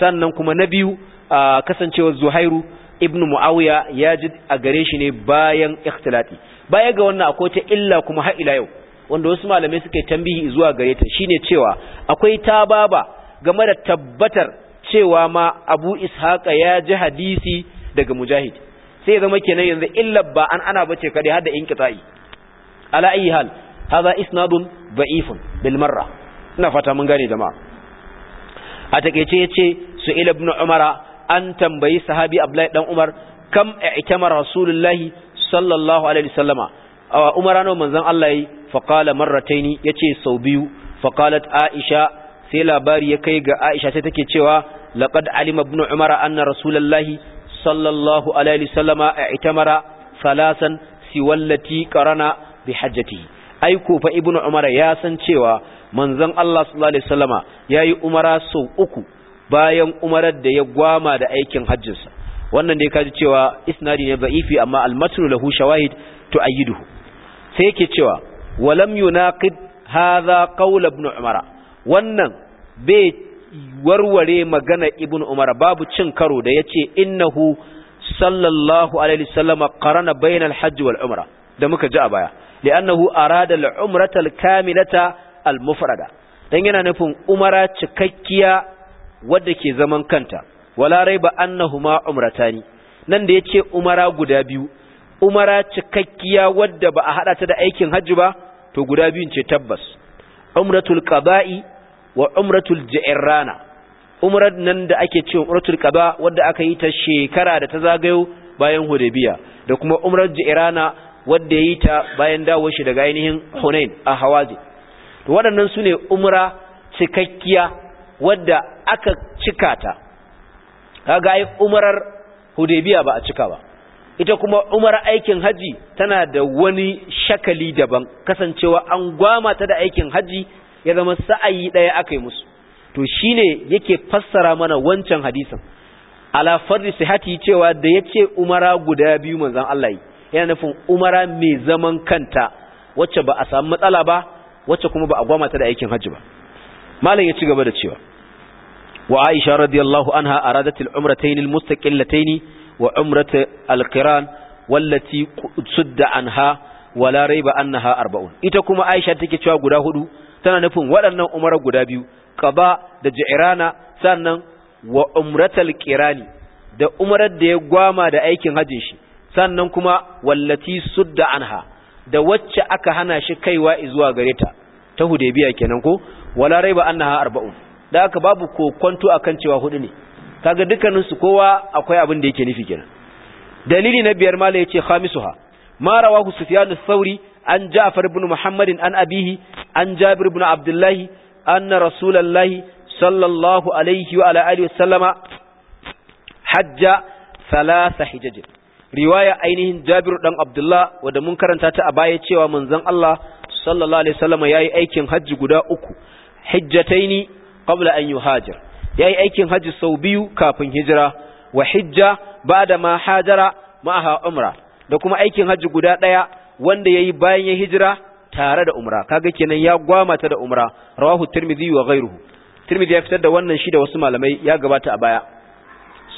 sannan kuma na biyu kasancewar zuhairu ibnu muawiya ya ji a gare shi ne bayan ikhtilati baya ga wannan akwai ta illa kuma har ila yau wanda wasu malamai suke tambihi zuwa gare ta shine cewa akwai tababa game da tabbatar cewa ma abu ishaqa ya ji hadisi daga mujahid sai zama kenan yanzu illa ba an ana bace kade har da inqita'i ala ayi hal hadha isnadun da'ifun bil marra ina fata mun gane jama'a a takeice yace su'il ibn umara an tambayi sahabi abdullahi dan umar kam i'tamara rasulullahi sallallahu alaihi wasallama umara no manzon Allah yi fa qala marrataini yace sau biyu fa qalat aisha sai labari ya kai ga Aisha sai take cewa laqad alima ibn umara anna rasulullahi sallallahu alaihi wasallama i'tamara salasan siwallati qarana bi hajjati ai ko fa ibn umara ya san cewa manzon Allah sallallahu alaihi wasallama yayi umara sau uku bayan umarar da ya gwama da aikin hajjinsa wannan da ya kaji cewa isnadi ne da'ifi amma al lahu shawahid tu'ayyiduhu sai yake cewa walam yunaqid hadha qawl ibn umara wannan bai warware magana ibn umar babu cin karo da yace innahu sallallahu alaihi wasallam qarana bayna al wal umra da muka ji a baya li'annahu arada al-umrata kamilata al-mufrada dan yana nufin umara cikakkiya wadda ke zaman kanta wala raiba annahuma umratani nan da yace umara guda biyu umara cikakkiya wadda ba a hada ta da aikin hajji ba to guda biyun ce tabbas umratul qada'i wa umratul ja'irana umrar nan da ake ce umratul qada wadda aka yi ta shekara da ta zagayo bayan hudaybiya da kuma umrar ja'irana wadda yi ta bayan dawo shi daga ainihin hunain a hawazi to waɗannan sune umra cikakkiya wadda aka cika ta kaga ai umrar hudaybiya ba a cika ba ita kuma umar aikin haji tana da wani shakali daban kasancewa an gwamata da aikin haji ya zama sa'ayi ɗaya aka yi musu to shi ne yake fassara mana wancan hadisin ala farri sihati cewa da yace umara guda biyu manzan Allah yi yana nufin umara mai zaman kanta wacce ba a samu matsala ba wacce kuma ba a gwama ta da aikin hajji ba malam ya ci gaba da cewa wa Aisha radiyallahu anha aradat al-umratayn al wa umrat al-qiran wallati sudda anha wala rayba annaha arba'un ita kuma Aisha take cewa guda hudu tana nufin waɗannan umarar guda biyu Kaba da ji'rana sannan wa umratal qirani da umarar da ya gwama da aikin hajjin shi sannan kuma wallati sudda anha da wacce aka hana shi kaiwa zuwa gare ta ta hudaybiya kenan ko wala raiba annaha arba'un da aka babu kokonto akan cewa hudu ne kaga dukkanin su kowa akwai abin da yake nufi kenan dalili na biyar mala yace khamisuha ma rawahu sufyan ath-thauri an ja'far ibn muhammadin an abihi an jabir ibn abdullahi anna rasulullahi sallallahu alaihi wa ala alihi wasallama hajja thalatha hijaj riwaya ainihin jabir dan abdullah wanda mun karanta ta a baya cewa manzon Allah sallallahu alaihi wasallama yayi aikin hajji guda uku hijjataini qabla an yuhajir yayi aikin hajji sau biyu kafin hijira wa hijja ba'da mahajara, hajara ma'aha umra da kuma aikin hajji guda ɗaya. wanda ya yi bayan ya hijira tare da umra kaga kenan ya gwamata da umra rawahu tirmidhi wa ghayruhu tirmidhi ya fitar da wannan shi da wasu malamai ya gabata a baya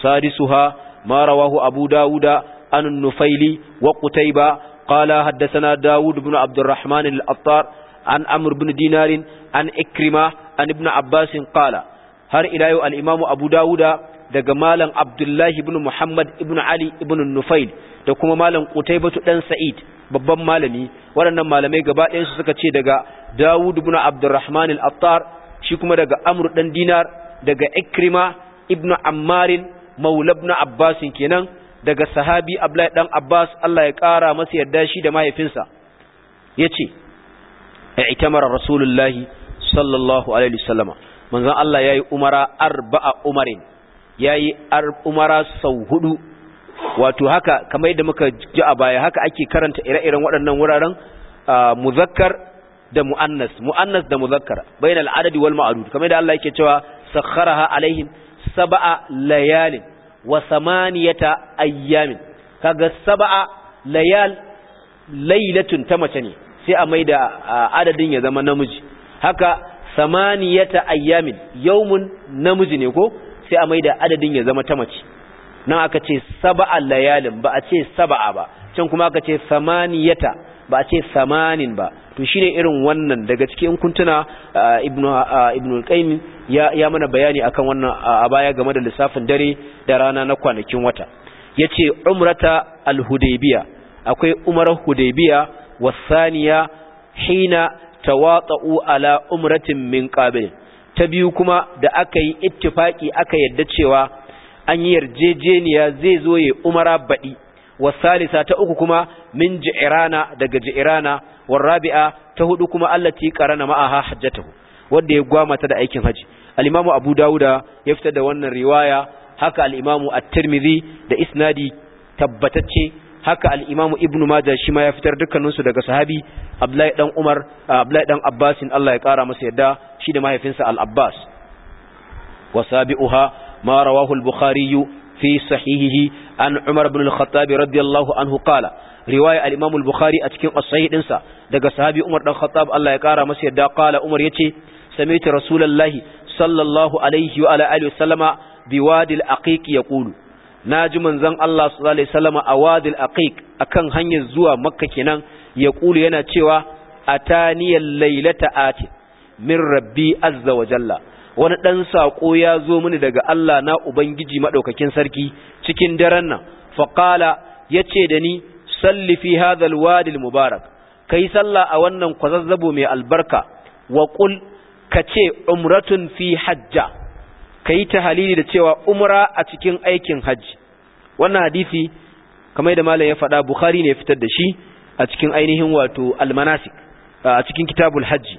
sadisuha ma rawahu abu dauda an nufaili wa Qutaiba qala haddathana daud ibn abdurrahman al-attar an amr ibn dinar an ikrima an ibn abbas qala har ila yau al-imam abu dauda daga malam abdullahi ibn muhammad ibn ali ibn nufail da kuma malam qutaybatu dan sa'id babban malami waɗannan malamai gaba ɗayan su suka ce daga Dawud ibn Abdurrahman al-Attar shi kuma daga Amr dan Dinar daga Ikrima ibn Ammar Maula ibn Abbas kenan daga sahabi Abdullahi dan Abbas Allah ya ƙara masa yarda shi da mahaifinsa yace i'tamara rasulullahi sallallahu alaihi wasallama manzon Allah yayi umara arba'a umarin yayi umara sau hudu wato haka kamar yadda muka ji a baya haka ake karanta ire-iren waɗannan wuraren muzakkar da muannas muannas da muzakkar bainal adadi wal ma'dud kamar yadda Allah yake cewa sakharaha alaihim sab'a layalin wa samaniyata ayyamin kaga sab'a layal lailatun ta mace ne sai a maida adadin ya zama namiji haka samaniyata ayyamin yawmun namiji ne ko sai a da adadin ya zama ta mace nan aka ce saba'a layalin ba a ce saba'a ba can kuma aka ce samaniyata ba a ce samanin ba to shine irin wannan daga cikin kuntuna ibnu ibnu qayyim ya ya mana bayani akan wannan a baya game da lissafin dare da rana na kwanakin wata yace umrata al-hudaybiya akwai umarar hudaybiya wasaniya hina tawata'u ala umratin min qabil ta biyu kuma da aka yi ittifaki aka yadda cewa an yi yarjejeniya zai zo ya umara baɗi wasalisa ta uku kuma min ji'irana daga ji'irana Rabi'a ta hudu kuma Allah allati qarana ma'aha hajjatahu wanda ya gwamata da aikin haji al abu dawuda ya fitar da wannan riwaya haka al-imamu at-tirmidhi da isnadi tabbatacce haka al-imamu ibnu majah shi ma ya fitar dukkanin daga sahabi abdullahi dan umar ah, abdullahi dan abbasin Allah ya kara masa yadda shi da mahaifinsa al-abbas wasabi'uha ما رواه البخاري في صحيحه عن عمر بن الخطاب رضي الله عنه قال رواية الإمام البخاري أتكين الصحيح إنسا دقى صحابي عمر بن الخطاب الله يقارى مسيح دا قال عمر يتي سمعت رسول الله صلى الله عليه وعلى آله وسلم بواد الأقيق يقول ناجي من زن الله صلى الله عليه وسلم أواد الأقيق أكن هني الزوى مكة كنان يقول ينا تيوى أتاني الليلة آتي من ربي عز وجل wani ɗan saƙo ya zo mini daga Allah na Ubangiji maɗaukakin sarki cikin daren nan, faƙala ya ce da ni, sallifi fi wadil mubarak, ka yi sallah a wannan kwazazzabo mai albarka, wa ƙul ka ce umratun fi hajja, ka yi ta halili da cewa umra a cikin aikin hajji. Wannan hadisi, kamar da malam ya faɗa, Bukhari ne ya fitar da shi a cikin ainihin wato almanasik, a cikin kitabul hajji.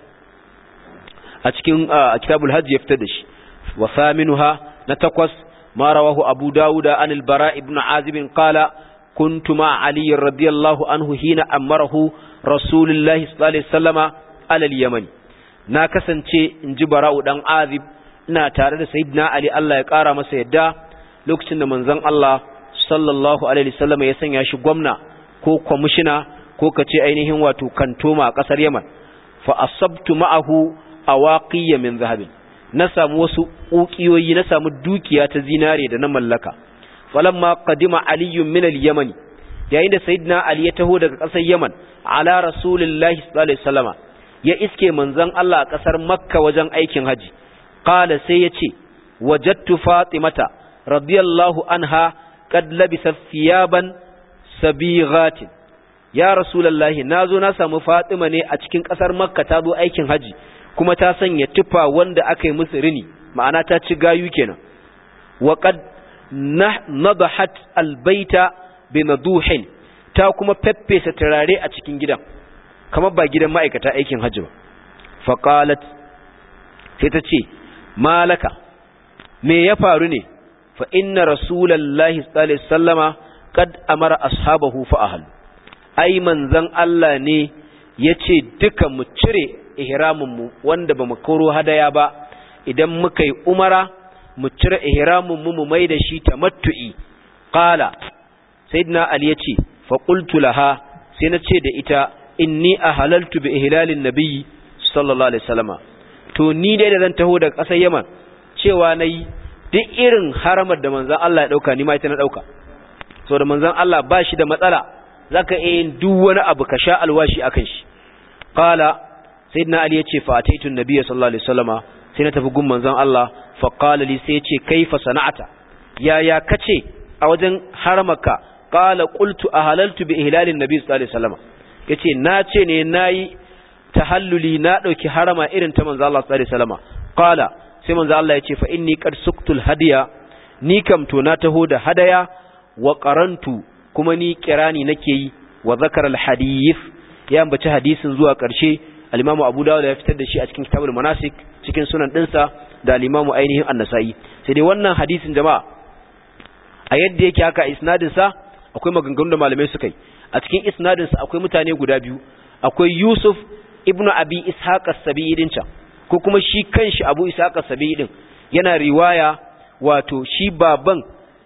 a cikin kitabul hajj ya fita da shi wa saminuha na takwas ma rawahu abu dawuda an bara ibn azib qala kuntu ma علي radiyallahu الله عنه amarahu أمره رسول الله صلى الله na kasance in ji bara'u dan azib ina tare da sayyidina ali Allah ya kara masa yadda lokacin da manzon Allah sallallahu alaihi wasallam ya sanya shi gwamna ko kwamishina ko kace ainihin wato kantoma a kasar Yaman fa asabtu ma'ahu awaqiyya min zahabin na samu wasu ƙuƙiyoyi na samu dukiya ta zinare da na mallaka falamma qadima aliyu min al yamani yayin da sayyidina ali ya taho daga ƙasar yaman ala rasulillahi sallallahu alaihi wasallama ya iske manzon Allah a ƙasar makka wajen aikin haji qala sai ya ce wajadtu fatimata radiyallahu anha qad labisa thiyaban sabighatin ya rasulullahi nazo na samu fatima ne a cikin ƙasar makka ta zo aikin haji kuma ta sanya tufa wanda aka yi musu rini ma'ana ta ci gayu kenan wa qad nadahat albayta bi maduhin ta kuma feffesa turare a cikin gidan kamar ba gidan ma'aikata aikin hajji ba fa qalat sai ta ce malaka me ya faru ne fa inna rasulallahi sallallahu alaihi wasallama qad amara ashabahu fa ahal ai manzon Allah ne yace duka mu cire ihraminmu wanda ba mu koro hadaya ba idan muka yi umara mu cire ihraminmu mu mai da shi ta tamattu'i qala sayyidina ali yace fa qultu laha sai na ce da ita in inni ahalaltu bi ihlalin nabiyyi sallallahu alaihi wasallama to ni dai da zan taho daga ƙasar Yaman cewa nayi duk irin haramar da manzon Allah ya dauka ni ma ita na ɗauka, so da manzon Allah ba shi da matsala zaka iya yin duk wani abu ka sha alwashi akan shi qala sayyidina ali yace fa ataitu nabiyyi sallallahu alaihi wasallama sai na tafi gun manzon Allah fa qala li sai yace kaifa sana'ata yaya kace a wajen haramaka qala qultu ahalaltu bi ihlalin nabiy sallallahu alaihi wasallama yace na ce ne nayi tahalluli na ɗauki harama irin ta manzon Allah sallallahu alaihi sai manzon Allah yace fa inni qad suktul hadiya ni kam to na taho da hadaya wa qarantu kuma ni kirani nake yi wa zakaral al ya ambaci hadisin zuwa ƙarshe al-Imam Abu Dawud ya fitar da shi a cikin Kitabul Manasik cikin sunan dinsa da al-Imam ainihin An-Nasa'i sai dai wannan hadisin jama'a a yadda yake haka isnadin sa akwai maganganun da malamai suka yi a cikin isnadin sa akwai mutane guda biyu akwai Yusuf ibnu Abi Ishaq as-Sabi'idin can ko kuma shi kanshi Abu Ishaq as-Sabi'idin yana riwaya wato shi baban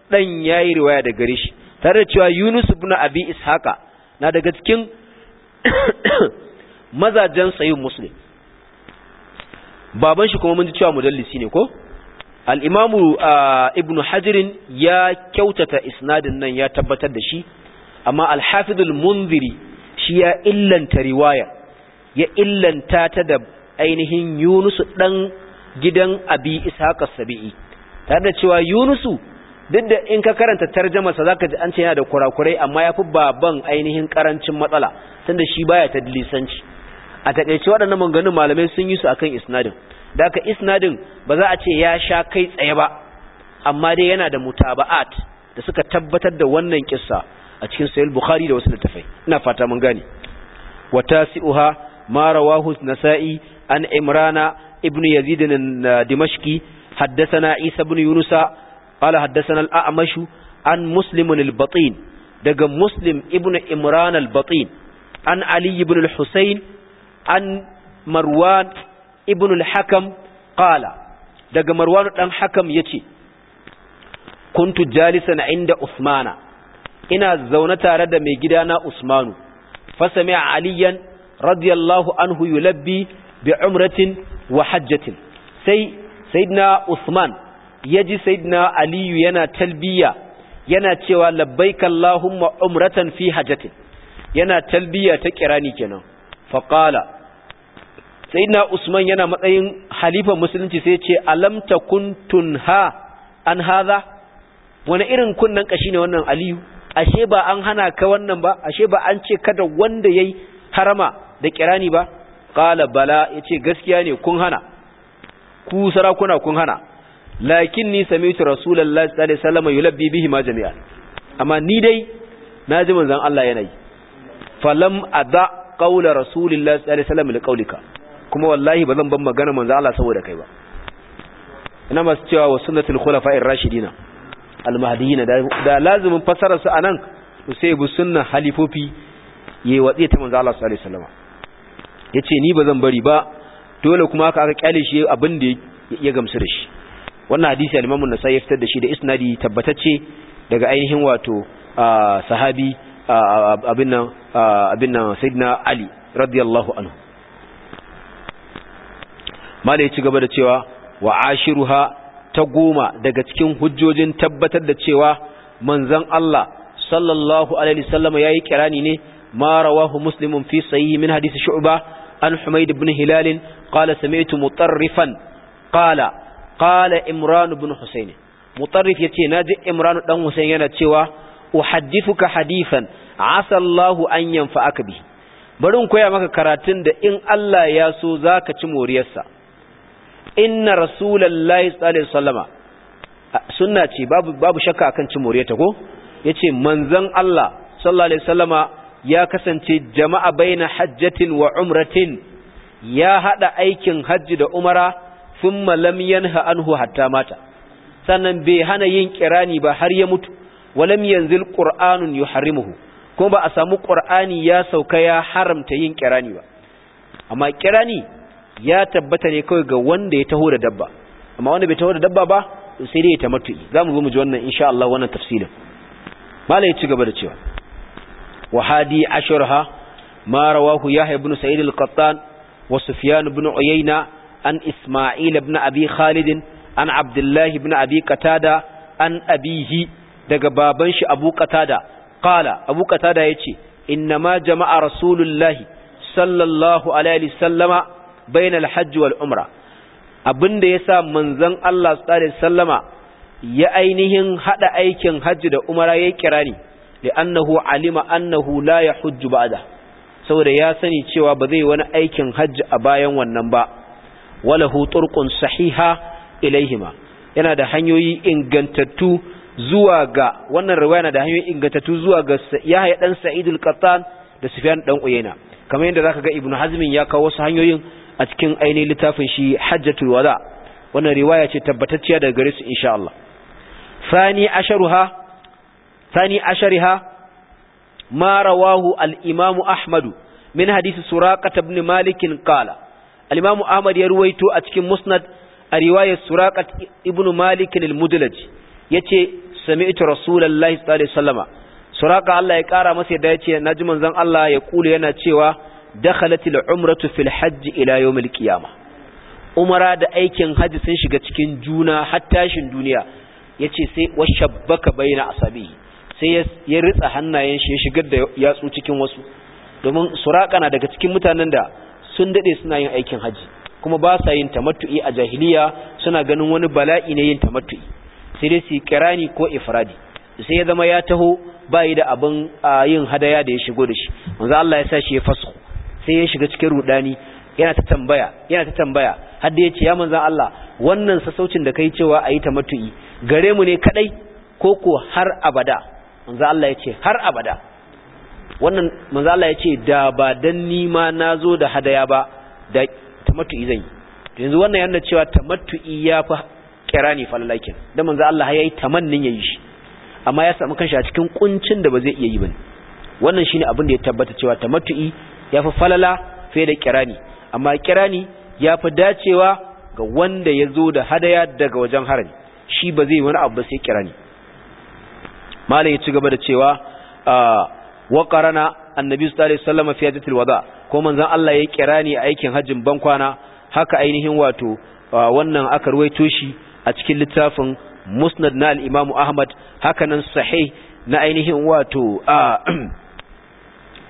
dan yayi riwaya da gare shi tare da cewa Yunus ibnu Abi Ishaq na daga cikin mazajen sayin musulun baban shi kuma mun ji cewa mudallisi ne ko al'imamu ibn hajjirin ya kyautata isnadin nan ya tabbatar da shi amma alhafidul munziri shi ya illanta riwaya ya illanta ta da ainihin yunusu ɗan gidan abi ishaƙa sabi'i tare da cewa yunusu duk da in ka karanta tarjamarsa za ka ji an ce yana da kurakurai amma ya fi baban ainihin karancin matsala da shi baya ta dilisanci a takaice waɗannan maganganun malamai sun yi su akan isnadin da aka isnadin ba za a ce ya sha kai tsaye ba amma dai yana da mutaba'at da suka tabbatar da wannan kissa a cikin sayil bukhari da wasu littafai ina fata mun gane wa tasi'uha ma rawahu nasa'i an imrana ibn yazid dimashqi haddathana isa ibn yunusa qala haddathana al-a'mash an muslim al daga muslim ibn imran al an Aliyu ibn al an marwan ibn al-hakam kala daga marwan dan hakam yace kuntu jalisan inda usmana ina zaune tare da mai na usmanu fasami aliyan radiyallahu anhu yulabbi bi umratin wa hajjatin sai sayyidina usman yaji sayyidina aliyu yana talbiya yana cewa labbaik allahumma umratan fi hajjatin yana talbiya ta kirani kenan faqala na usman yana matsayin halifan musulunci sai ce alam takun ha an haza wani irin kunnan kashi ne wannan aliyu ashe ba an hana ka wannan ba ashe ba an ce kada wanda yayi harama da kirani ba qala bala yace gaskiya ne kun hana ku sarakuna kun hana lakinni sami'tu rasulullahi sallallahu alaihi wasallam yulabbi bihi ma jami'a amma ni dai na ji manzon Allah yana yi falam ada qawla rasulillahi sallallahu alaihi wasallam liqaulika kuma wallahi ba zan ban magana manzo Allah saboda kai ba ina masu cewa wa sunnatul khulafa'ir rashidina al-mahdiyina da lazimin fasarar su anan to sai bu sunna halifofi yayi watsi ta manzo Allah sallallahu alaihi wasallam yace ni ba zan bari ba dole kuma aka aka kyale shi abin da ya gamsu da shi wannan hadisi al-Imam an-Nasa'i ya fitar da shi da isnadi tabbatacce daga ainihin wato sahabi abin nan abin nan sayyidina Ali radiyallahu anhu mala ya ci gaba da cewa wa ashiruha ta goma daga cikin hujjojin tabbatar da cewa manzon Allah sallallahu alaihi ya yi kirani ne ma rawahu muslimun fi sahihi min hadisi shu'ba an humaid ibn hilal qala sami'tu mutarrifan qala qala imran ibn husayn mutarrif yace naji imran dan husayn yana cewa uhaddithuka hadifan asa Allahu an yanfa'aka bi bari in koya maka karatun da in Allah ya so zaka ci moriyarsa inna rasulallahi sallallahu alaihi wasallama sunna ce babu babu shakka akan cin moriyata ko yace manzon Allah sallallahu alaihi wasallama ya kasance jama'a baina hajjatin wa umratin ya hada aikin hajji da umara thumma lam yanha anhu hatta mata sannan bai hana yin kirani ba har ya mutu walam yanzil qur'anun yuharrimuhu kuma ba a samu qur'ani ya sauka ya haramta yin kirani ba amma kirani ya tabbata ne kawai ga wanda ya taho da dabba amma wanda bai taho da dabba ba sai dai ya tamattu za mu zo mu ji wannan insha Allah wannan tafsilin malai ci gaba da cewa wa hadi ashurha ma rawahu yahya ibn sa'id al-qattan wa sufyan ibn uyayna an isma'il ibn abi khalid an abdullah ibn abi qatada an abihi daga baban shi abu qatada qala abu qatada yace innama jama'a rasulullahi sallallahu alaihi wasallama bainal hajj wal umra abinda yasa manzon Allah sallallahu alaihi wasallama ya ainihin hada aikin hajji da umara yayi kirani li'annahu alima annahu la yahujju ba'da saboda ya sani cewa ba zai wani aikin hajji a bayan wannan ba walahu turqun sahiha ilaihima yana da hanyoyi ingantattu zuwa ga wannan riwaya na da hanyoyi ingantattu zuwa ga Yahya dan Sa'idul Qattan da Sufyan dan uyaina kamar yadda zaka ga ibnu Hazmin ya kawo wasu hanyoyin a cikin ainihin littafin shi hajjatul wada wannan riwaya ce tabbatacciya daga gare su insha Allah thani asharuha thani ashariha ma rawahu al-imam ahmad min hadith suraqah ibn malik qala al-imam ahmad ya ruwaito a cikin musnad a riwayar suraqah ibn malik al-mudlaj yace sami'tu rasulullahi sallallahu alaihi wasallama suraqah Allah ya kara masa yadda yace naji manzon Allah ya kula yana cewa dakhalatil umratu fil hajj ila yawmil qiyamah umara da aikin hajji sun shiga cikin juna har tashin duniya yace sai washabbaka baina asabi sai ya ritsa hannayen shi ya shigar da yatsu cikin wasu domin suraka na daga cikin mutanen da sun dade suna yin aikin hajji kuma ba sa yin tamattu'i a jahiliya suna ganin wani bala'i ne yin tamattu'i sai dai su kirani ko ifradi sai ya zama ya taho bayi da abin yin hadaya da ya shigo da shi manzo Allah ya sa shi ya fasu sai ya shiga cikin rudani yana ta tambaya yana ta tambaya har da yace ya manzon Allah wannan sassaucin da kai cewa ayi ta matu'i gare mu ne kadai ko ko har abada manzon Allah yace har abada wannan manzon Allah yace da ba dan ni nazo da hadaya ba da ta matu'i zan yi yanzu wannan yana cewa matu'i ya fa kirani falalakin dan manzon Allah yayi tamannin yayi shi amma ya samu kanshi a cikin kuncin da ba zai iya yi ba wannan shine abin da ya tabbata cewa ta matu'i. ya fi falala fiye da kirani amma kirani ya fi dacewa ga wanda ya zo da hadaya daga wajen harin. shi ba zai wani abu ba sai kirani malam ya ci gaba da cewa ah, wa qarana annabi su tare sallama fiye da tilwada ko manzan Allah ya kirani a aikin hajjin bankwana haka ainihin wato ah, wannan aka ruwaito shi a cikin littafin musnad na Alimamu Ahmad. Haka nan sahih na ainihin wato A. Ah,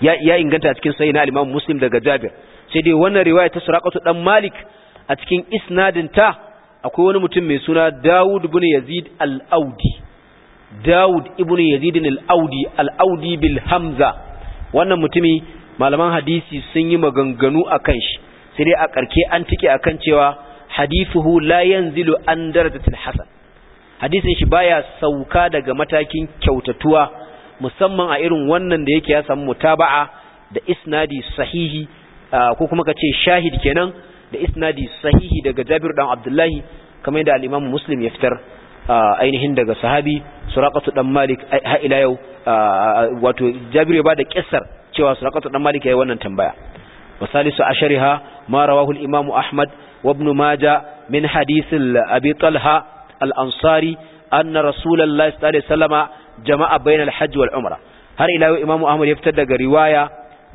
ya inganta cikin sai na al-Imam Muslim daga Jabir sai dai wannan riwaya ta Suraqatu dan Malik a cikin isnadin ta akwai wani mutum mai suna Dawud ibn Yazid al-Audi Dawud ibn Yazid al-Audi al-Audi bil Hamza wannan mutumi malaman hadisi sun yi maganganu akan shi sai dai a karke an tike akan cewa hadithuhu la yanzilu an darajatil hasan hadisin shi baya sauka daga matakin kyautatuwa musamman a irin wannan da yake ya samu mutaba'a da isnadi sahihi ko kuma kace shahid kenan da isnadi sahihi daga Jabir dan Abdullahi kamar da al-Imam Muslim ya fitar ainihin daga sahabi Suraqatu dan Malik ha ila yau wato Jabir ya bada kissar cewa Suraqatu dan Malik yayi wannan tambaya wasalisu ashariha ma rawahu al-Imam Ahmad wa Ibn Majah min hadith Abi Talha al-Ansari anna Rasulullahi sallallahu alaihi wasallam jama'a bainal hajj wal umra har ila imamu ahmad ya fitar daga riwaya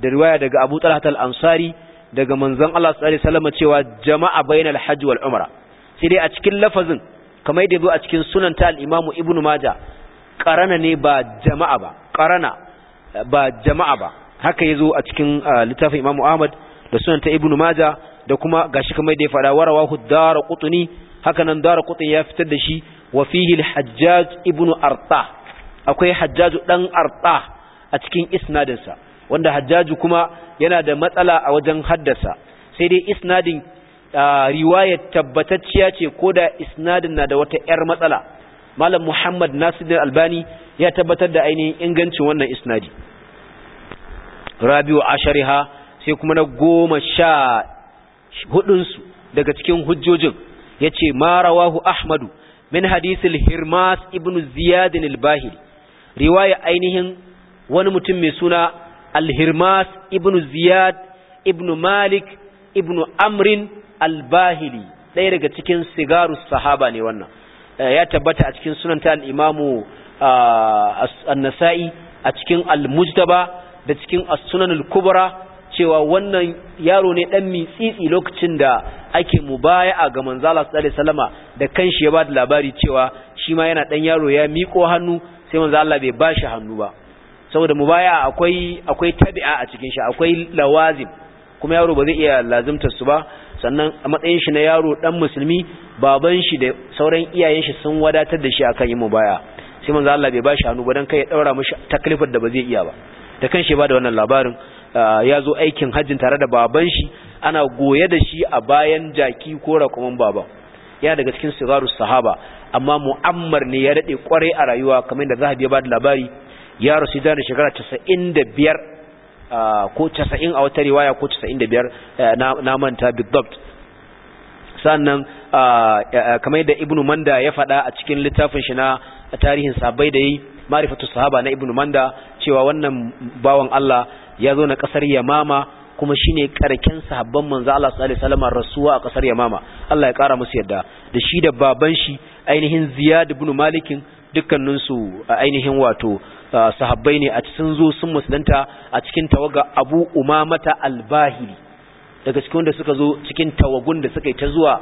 da riwaya daga abu talhat al ansari daga manzon Allah sallallahu alaihi wasallam cewa jama'a bainal hajj wal umra sai dai a cikin lafazin kamar yadda zo a cikin sunan ta al imamu ibnu maja qarana ne ba jama'a ba qarana ba jama'a ba haka yazo a cikin littafin imamu ahmad da sunan ta ibnu maja da kuma gashi kamar da ya fada warawahu dar qutni haka nan dar qutni ya fitar da shi wa fihi al hajjaj ibnu artah akwai hajjaju ɗan arta a cikin isnadinsa wanda hajjaju kuma yana da matsala a wajen haddasa sai dai isnadin riwayar tabbatacciya ce ko da isnadin na da wata 'yar matsala malam muhammad nasiruddin albani ya tabbatar da ainihin ingancin wannan isnadi rabiu ashariha sai kuma na goma sha hudunsu daga cikin hujjojin ya ce Marawahu ahmadu min hadisil hirmas ibn ziyadin albahiri riwaya ainihin wani mutum mai suna alhirmas ibnu ziyad ibnu malik ibnu amrin albahili ɗaya daga cikin sigaru sahaba ne wannan eh, ya tabbata a cikin sunanta al'imamu ah, annasa'i a cikin almujtaba da cikin sunan al kubra cewa wannan yaro ne ɗan mitsitsi lokacin da ake mu baya a ga manzala salama da kan da kanshi ya ba da labari cewa shi ma yana ɗan yaro ya miƙo hannu sai manzo Allah bai bashi hannu ba saboda mubaya akwai akwai tabi'a a cikin shi akwai lawazim kuma yaro ba zai iya lazimtar su ba sannan a matsayin shi na yaro dan musulmi baban shi da sauran iyayen shi sun wadatar da shi akan yin mubaya sai manzo Allah bai bashi hannu ba dan kai ya daura mishi taklifar da ba zai iya ba da kanshi ba da wannan labarin ya zo aikin hajjin tare da baban shi ana goye da shi a bayan jaki ko rakumin baban ya daga cikin sigarus sahaba amma mu'ammar ne ya daɗe kwarai a rayuwa kamar da zahabi ya bada labari ya rasu da shekara casa'in ko casa'in a wata riwaya ko casa'in da biyar eh, na manta bidopt sannan kamar da ibnu manda ya faɗa a cikin littafin shi na tarihin sabai da yi marifatu sahaba na ibnu manda cewa wannan bawan Allah ya zo na ƙasar yamama kuma shine karken sahabban manzo Allah sallallahu alaihi wasallam rasuwa a kasar Yamama Allah ya kara musu yadda da shi da baban shi ainihin Ziyad ibn Malik dukkanin su ainihin wato sahabbai ne a cikin zo sun musulunta a cikin tawaga Abu Umamata al daga cikin wanda suka zo cikin tawagun da suka yi ta zuwa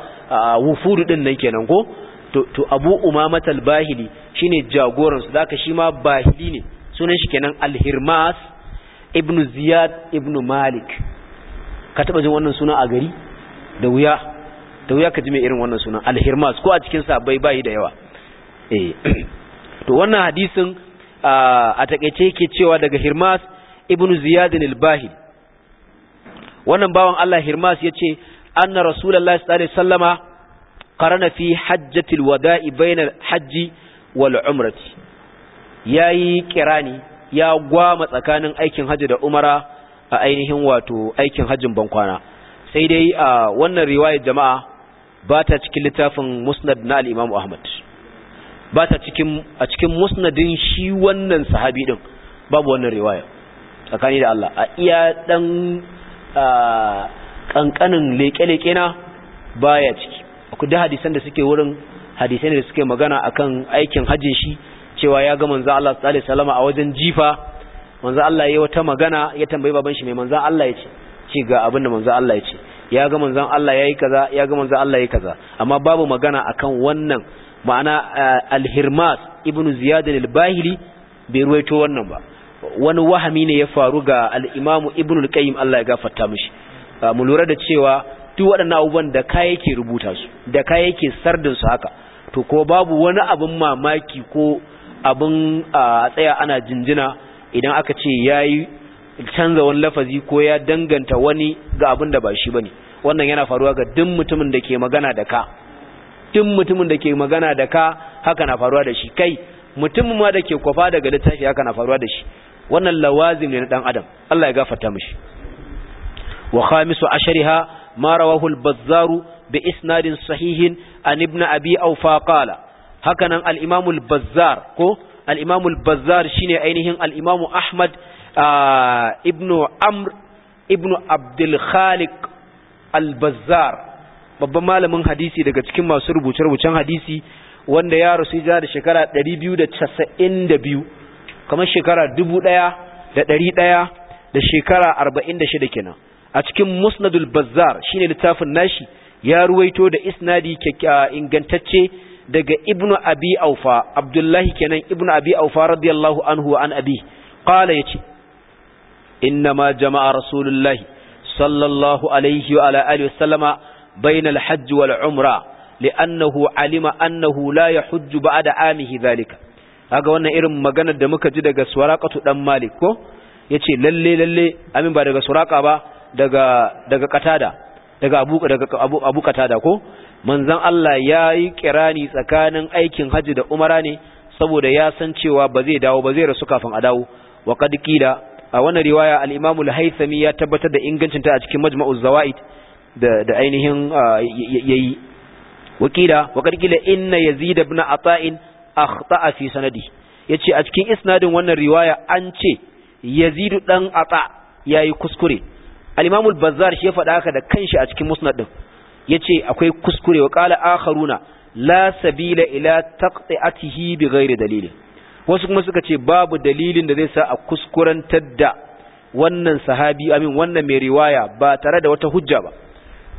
wufuru din nan kenan ko to Abu Umamata al shine jagoran su zaka shi ma Bahili ne sunan shi kenan alhirmas ibnu ibn Ziyad ibn Malik ka taba jin wannan suna a gari da wuya da wuya ka ji mai irin wannan sunan alhirmas ko a cikin sabai bayi da yawa eh, to wannan hadisin a takeice yake cewa daga hirmas ibnu ziyad al-bahil wannan bawan Allah hirmas yace anna rasulullahi sallallahu alaihi wasallama qarana fi hajjatil wada'i bainal hajji wal umrati yayi kirani ya gwama tsakanin aikin haji da umara a ainihin wato aikin hajjin bankwana sai dai a wannan riwayar jama'a ba ta cikin littafin musnad na al'imamu ahmad ba ta cikin a cikin musnadin shi wannan sahabi ɗin babu wannan riwaya tsakani da Allah a iya ɗan ƙanƙanin leƙe leƙe na baya ciki akwai da hadisan da suke wurin hadisai da suke magana akan aikin hajjin shi cewa ya ga manzo Allah sallallahu alaihi a wajen jifa manzo Allah ya yi wata magana ya tambayi baban shi mai manzo Allah ya ce ci ga abin da manzo Allah ya ce ya ga manzon Allah yayi kaza ya ga manzon Allah yayi kaza amma babu magana akan wannan ma'ana eh, al-Hirmas ibn Ziyad al-Bahili bai ruwaito wannan ba wani wahami ne ya faru ga al-Imam Ibn al-Qayyim Allah ya gafarta mishi ah, mu lura da cewa duk waɗannan abubuwan da kai yake rubuta su da kai yake sardin su haka to ko babu wani abin mamaki ko abin a tsaya ana jinjina idan aka ce yayi canza wani lafazi ko ya danganta wani ga abin da ba shi bane wannan yana faruwa ga duk mutumin da ke magana da ka duk mutumin da ke magana da ka haka na faruwa da shi kai mutumin ma da ke kwafa daga littafi haka na faruwa da shi wannan lawazim ne na dan adam Allah ya gafarta mishi wa khamisu ashariha ma rawahu al-bazzar bi isnadin sahihin an ibn abi awfa qala haka nan al-imam al-bazzar ko al-imam al-bazzar shine ainihin al-imam ahmad ah, ibn amr ibn abdul khaliq al babban malamin hadisi daga cikin masu rubuce-rubucen hadisi wanda ya rasu ya da shekara 292 kamar shekara 1,100 da da shekara 46 kenan a cikin musnadul bazzar shine littafin nashi ya ruwaito da isnadi ingantacce daga ibnu abi aufa abdullahi kenan ibnu abi aufa radiyallahu anhu wa an abi qala yace inna ma jama'a rasulullahi sallallahu alaihi wa alihi wasallama bainal hajj wal umra li'annahu alima annahu la yahujju ba'da amihi zalika aga wannan irin maganar da muka ji daga suraqatu dan malik ko yace lalle lalle amin ba daga suraqa ba daga daga katada daga abu daga abu, abu katada ko manzon Allah yayi kirani tsakanin aikin haji da umara ne saboda ya san cewa ba zai dawo ba zai rasu kafin a dawo wa qad qila a wannan riwaya al-Imam ya tabbatar da ingancinta ta a cikin Majma'uz Zawaid da da ainihin uh, yayi wakila wakar kila inna Yazid ibn Ata'in akhta'a fi sanadi yace a cikin isnadin wannan riwaya an ce Yazid dan Ata yayi kuskure al-Imam al-Bazzar shi ya faɗa haka da kanshi a cikin Musnad din yace akwai kuskure wa qala akharuna la sabila ila taqti'atihi bighairi dalilin wasu kuma suka ce babu dalilin da zai sa a kuskurantar da wannan sahabi amin wannan mai riwaya ba tare da wata hujja ba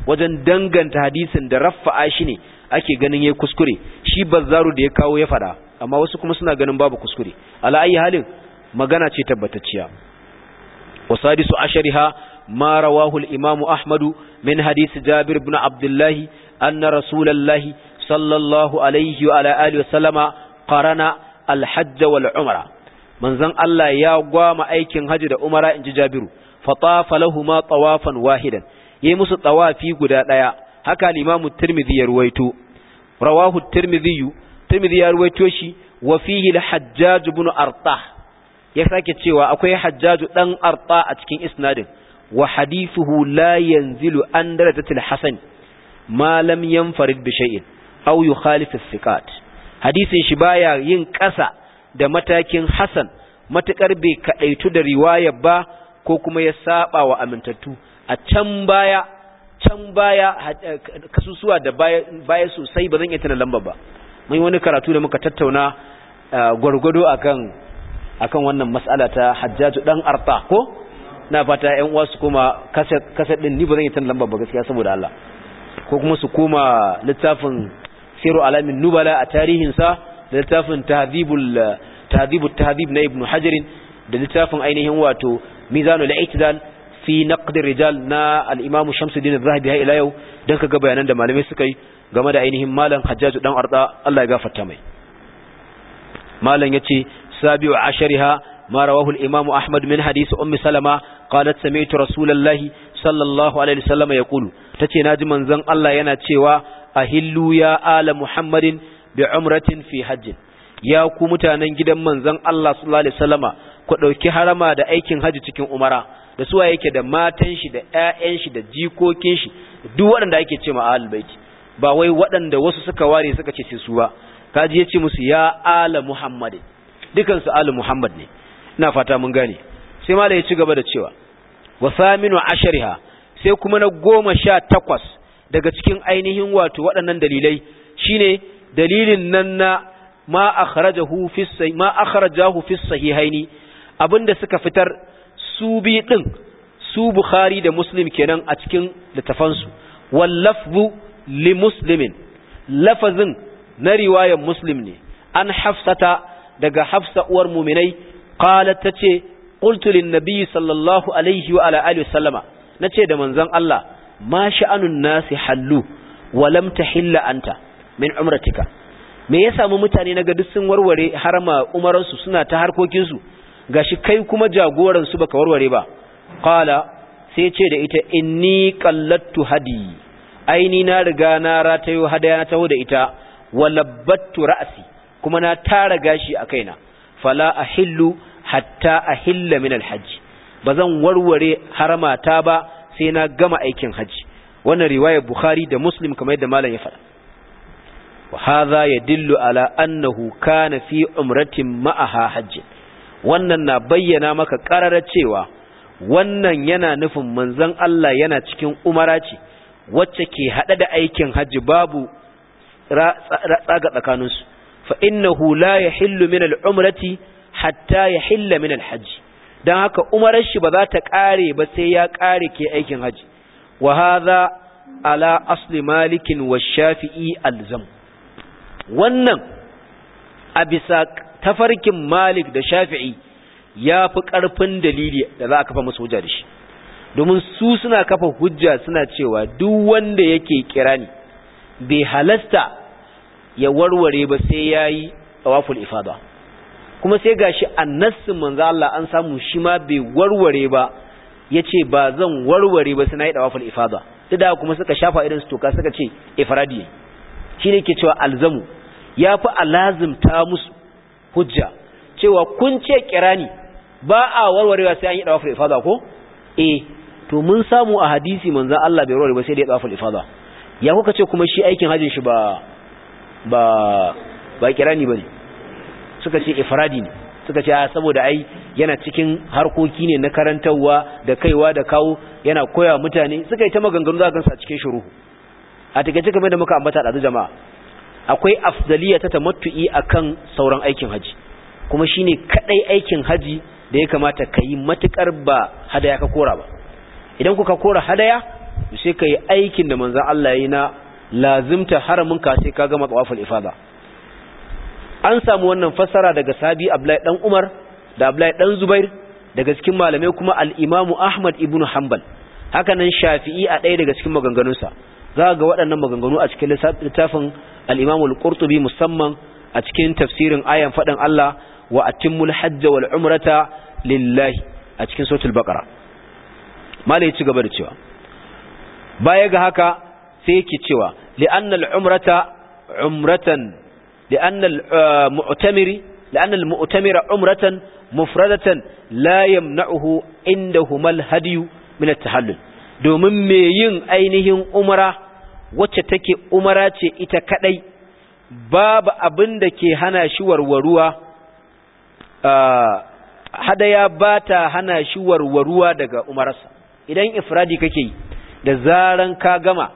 wajen danganta hadisin da raffa'a shi ne ake ganin ya kuskure shi bazzaru da ya kawo ya fada amma wasu kuma suna ganin babu kuskure ala ayi halin magana ce tabbatacciya wasadisu ashariha ma rawahu imamu imam ahmadu min hadisi jabir bin Abdullahi, anna rasulallahi sallallahu alaihi wa ala alihi wa sallama qarana Alhajja wal umra manzon Allah ya gwama aikin haji da umara inji Jabiru fatafa lahumu tawafan wahidan yayi musu tawafi guda daya haka al-Imam Tirmidhi ya ruwaito rawahu Tirmidhi Tirmidhi ya ruwaito shi wa fihi al-Hajjaj ibn Artah ya sake cewa akwai Hajjaj dan Artah a cikin isnadin wa hadithuhu la yanzilu an darajatil hasan ma lam yanfarid bi shay'in aw yukhalif as-siqat hadisin shi baya yin ƙasa da matakin Hassan matukar bai kaɗaitu da riwaya ba ko kuma ya saba wa amintattu a can baya can baya eh, kasusuwa da baya sosai ba zan iya tana lamba ba mun wani karatu da muka tattauna eh, gwargwado akan akan wannan mas'ala ta Hajjaju dan Arta ko na fata ƴan uwa su koma kaset ni ba zan yi tana lamba ba gaskiya saboda Allah ko kuma su koma littafin siru alamin nubala a tarihinsa da littafin tahdhibul tahdhibut na ibnu hajarin da littafin ainihin wato mizanul i'tidal fi naqd rijal na al-imam Shamsuddin az-Zahabi har ila yau dan kaga bayanan da malamai suka yi game da ainihin malam Hajjaju dan Arda Allah ya gafarta mai malam yace sabi'u ashariha ma rawahu al-imam Ahmad min hadith ummi Salama qalat sami'tu Rasulullahi sallallahu alaihi wasallam yaqulu tace naji manzon Allah yana cewa ahillu ya ala muhammadin bi umratin fi hajjin ya ku mutanen gidan manzon Allah sallallahu alaihi wasallama ku dauki harama da aikin haji cikin umara da suwa yake da matan shi da ƴaƴan shi da jikokin shi duk waɗanda ake cewa ahlul baiti ba wai waɗanda wasu suka ware suka ce su ba kaji yace musu ya ala muhammadin dukan su ala muhammad ne ina fata mun gane sai malai ya ci gaba da cewa wa saminu ashariha sai kuma na goma sha takwas daga cikin ainihin wato waɗannan dalilai shine dalilin nan na ma akhrajahu fi ma akhrajahu fi sahihaini abinda suka fitar su bi din su bukhari da muslim kenan a cikin littafansu wal lafzu li muslimin lafazin na riwayar muslim ne an hafsata daga hafsa uwar muminai qalat tace qultu lin nabiy sallallahu alaihi wa ala alihi wasallama nace da manzon Allah ma sha'anun الناس hallu ولم تحل أنت من min umratika me ya samu mutane na duk sun warware harama umaran su suna ta harkokin su gashi kai kuma jagoran su baka warware ba qala sai ce da ita inni qallattu hadi aini na riga na ratayo hadaya na taho da ita walabbatu ra'si kuma na tara gashi a kaina fala ahillu hatta ahilla min alhajj bazan warware haramata ba sai na gama aikin hajji. wannan riwaya bukhari da muslim kamar yadda malam ya faɗa wa hadha yadullu ala annahu kana fi umratin ma'aha hajji wannan na bayyana maka karara cewa wannan yana nufin manzon Allah yana cikin umara ce wacce ke haɗe da aikin hajji babu tsaga tsakaninsu fa innahu la yahillu min al-umrati hatta yahilla min al-hajji don haka umarar shi ba za ta ƙare ba sai ya ƙare ke aikin hajji. wa hadha ala asli malikin wa shafi'i alzam wannan a bisa tafarkin malik da shafi'i ya fi ƙarfin dalili da za a kafa masu hujja da shi domin su suna kafa hujja suna cewa duk wanda yake kirani bai halasta ya warware ba sai ya yi tawaful ifada kuma sai gashi annassin manzo Allah an samu shi ma bai warware ba yace ba zan warware ba sai yi dawaful ifada da kuma suka shafa irin su toka suka ce ifradi shine ke cewa alzamu yafi alazimta musu hujja cewa kun ce kirani ba a warwarewa sai an yi dawaful ifada ko eh to mun samu a hadisi manzo Allah bai warware ba sai da dawaful ifada ya kuka ce kuma shi aikin hajin shi ba ba ba kirani bane suka ce ifradi ne suka ce saboda ai yana cikin harkoki ne na karantarwa da kaiwa da kawo yana koya mutane suka yi ta maganganu za a gansa cikin shuruhu a cika game da muka ambata ɗazu jama'a akwai afdaliya ta tamattu'i akan sauran aikin haji kuma shine kadai aikin haji da ya kamata ka yi matukar ba hadaya ka kora ba idan kuka kora hadaya sai ka yi aikin da manzon Allah ya yi na lazimta haramin ka sai ka gama tsawaful ifada an samu wannan fassara daga sabi abla dan Umar da Abdullahi dan Zubair daga cikin malamai kuma al imamu Ahmad ibn Hanbal haka nan Shafi'i a ɗaya daga cikin maganganunsa za ga waɗannan maganganu a cikin littafin al-Imam al-Qurtubi musamman a cikin tafsirin ayan faɗin Allah wa atimmul hajja wal umrata lillahi a cikin suratul baqara malai ci gaba da cewa baya ga haka sai yake cewa li'anna al umrata umratan لأن المؤتمر لأن المؤتمر عمرة مفردة لا inda humal الهدي من التحلل domin me yin ainihin umara wacce take umara ce ita kadai babu abin da ke hana shi warwaruwa hadaya ba hana shi warwaruwa daga umararsa idan ifradi kake yi da zaran ka gama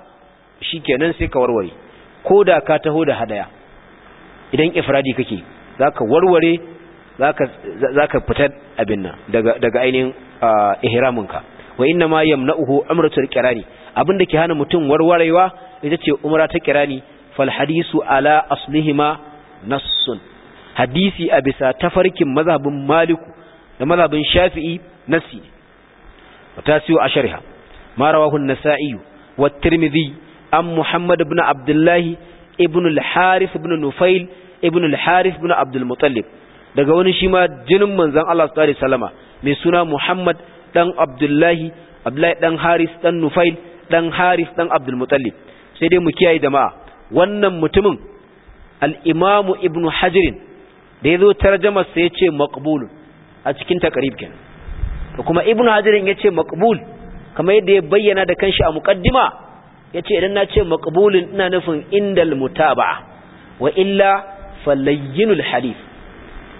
shikenan sai ka warware ko da ka taho da hadaya idan ifradi kake zaka warware zaka zaka fitar abin nan daga daga ainihin ihraminka wa inna ma yamna'uhu umratul qirani abinda ke hana mutum warwarewa ita ce umra ta qirani fal hadisu ala aslihima nassun hadisi a bisa tafarkin mazhabin maliku da mazhabin shafi'i nassi siyo a shariha رواه النسائي wa tirmidhi an muhammad ibn Abdullahi. ibn al-harith ibn nufail ibn al-harith ibn abdul muttalib daga wani shi ma jinin manzon Allah sallallahu alaihi wasallama mai suna muhammad dan abdullahi abdullahi dan haris dan nufail dan haris dan abdul muttalib sai dai mu kiyaye jama'a wannan mutumin al imam ibn hajar da yazo sai ya yace maqbul a cikin taqrib kenan kuma ibn ya ce maqbul kamar yadda ya bayyana da kanshi a muqaddima Ya ce idan na ce makabulin ina nufin indal mutaba'a wa illa falayyinul hadith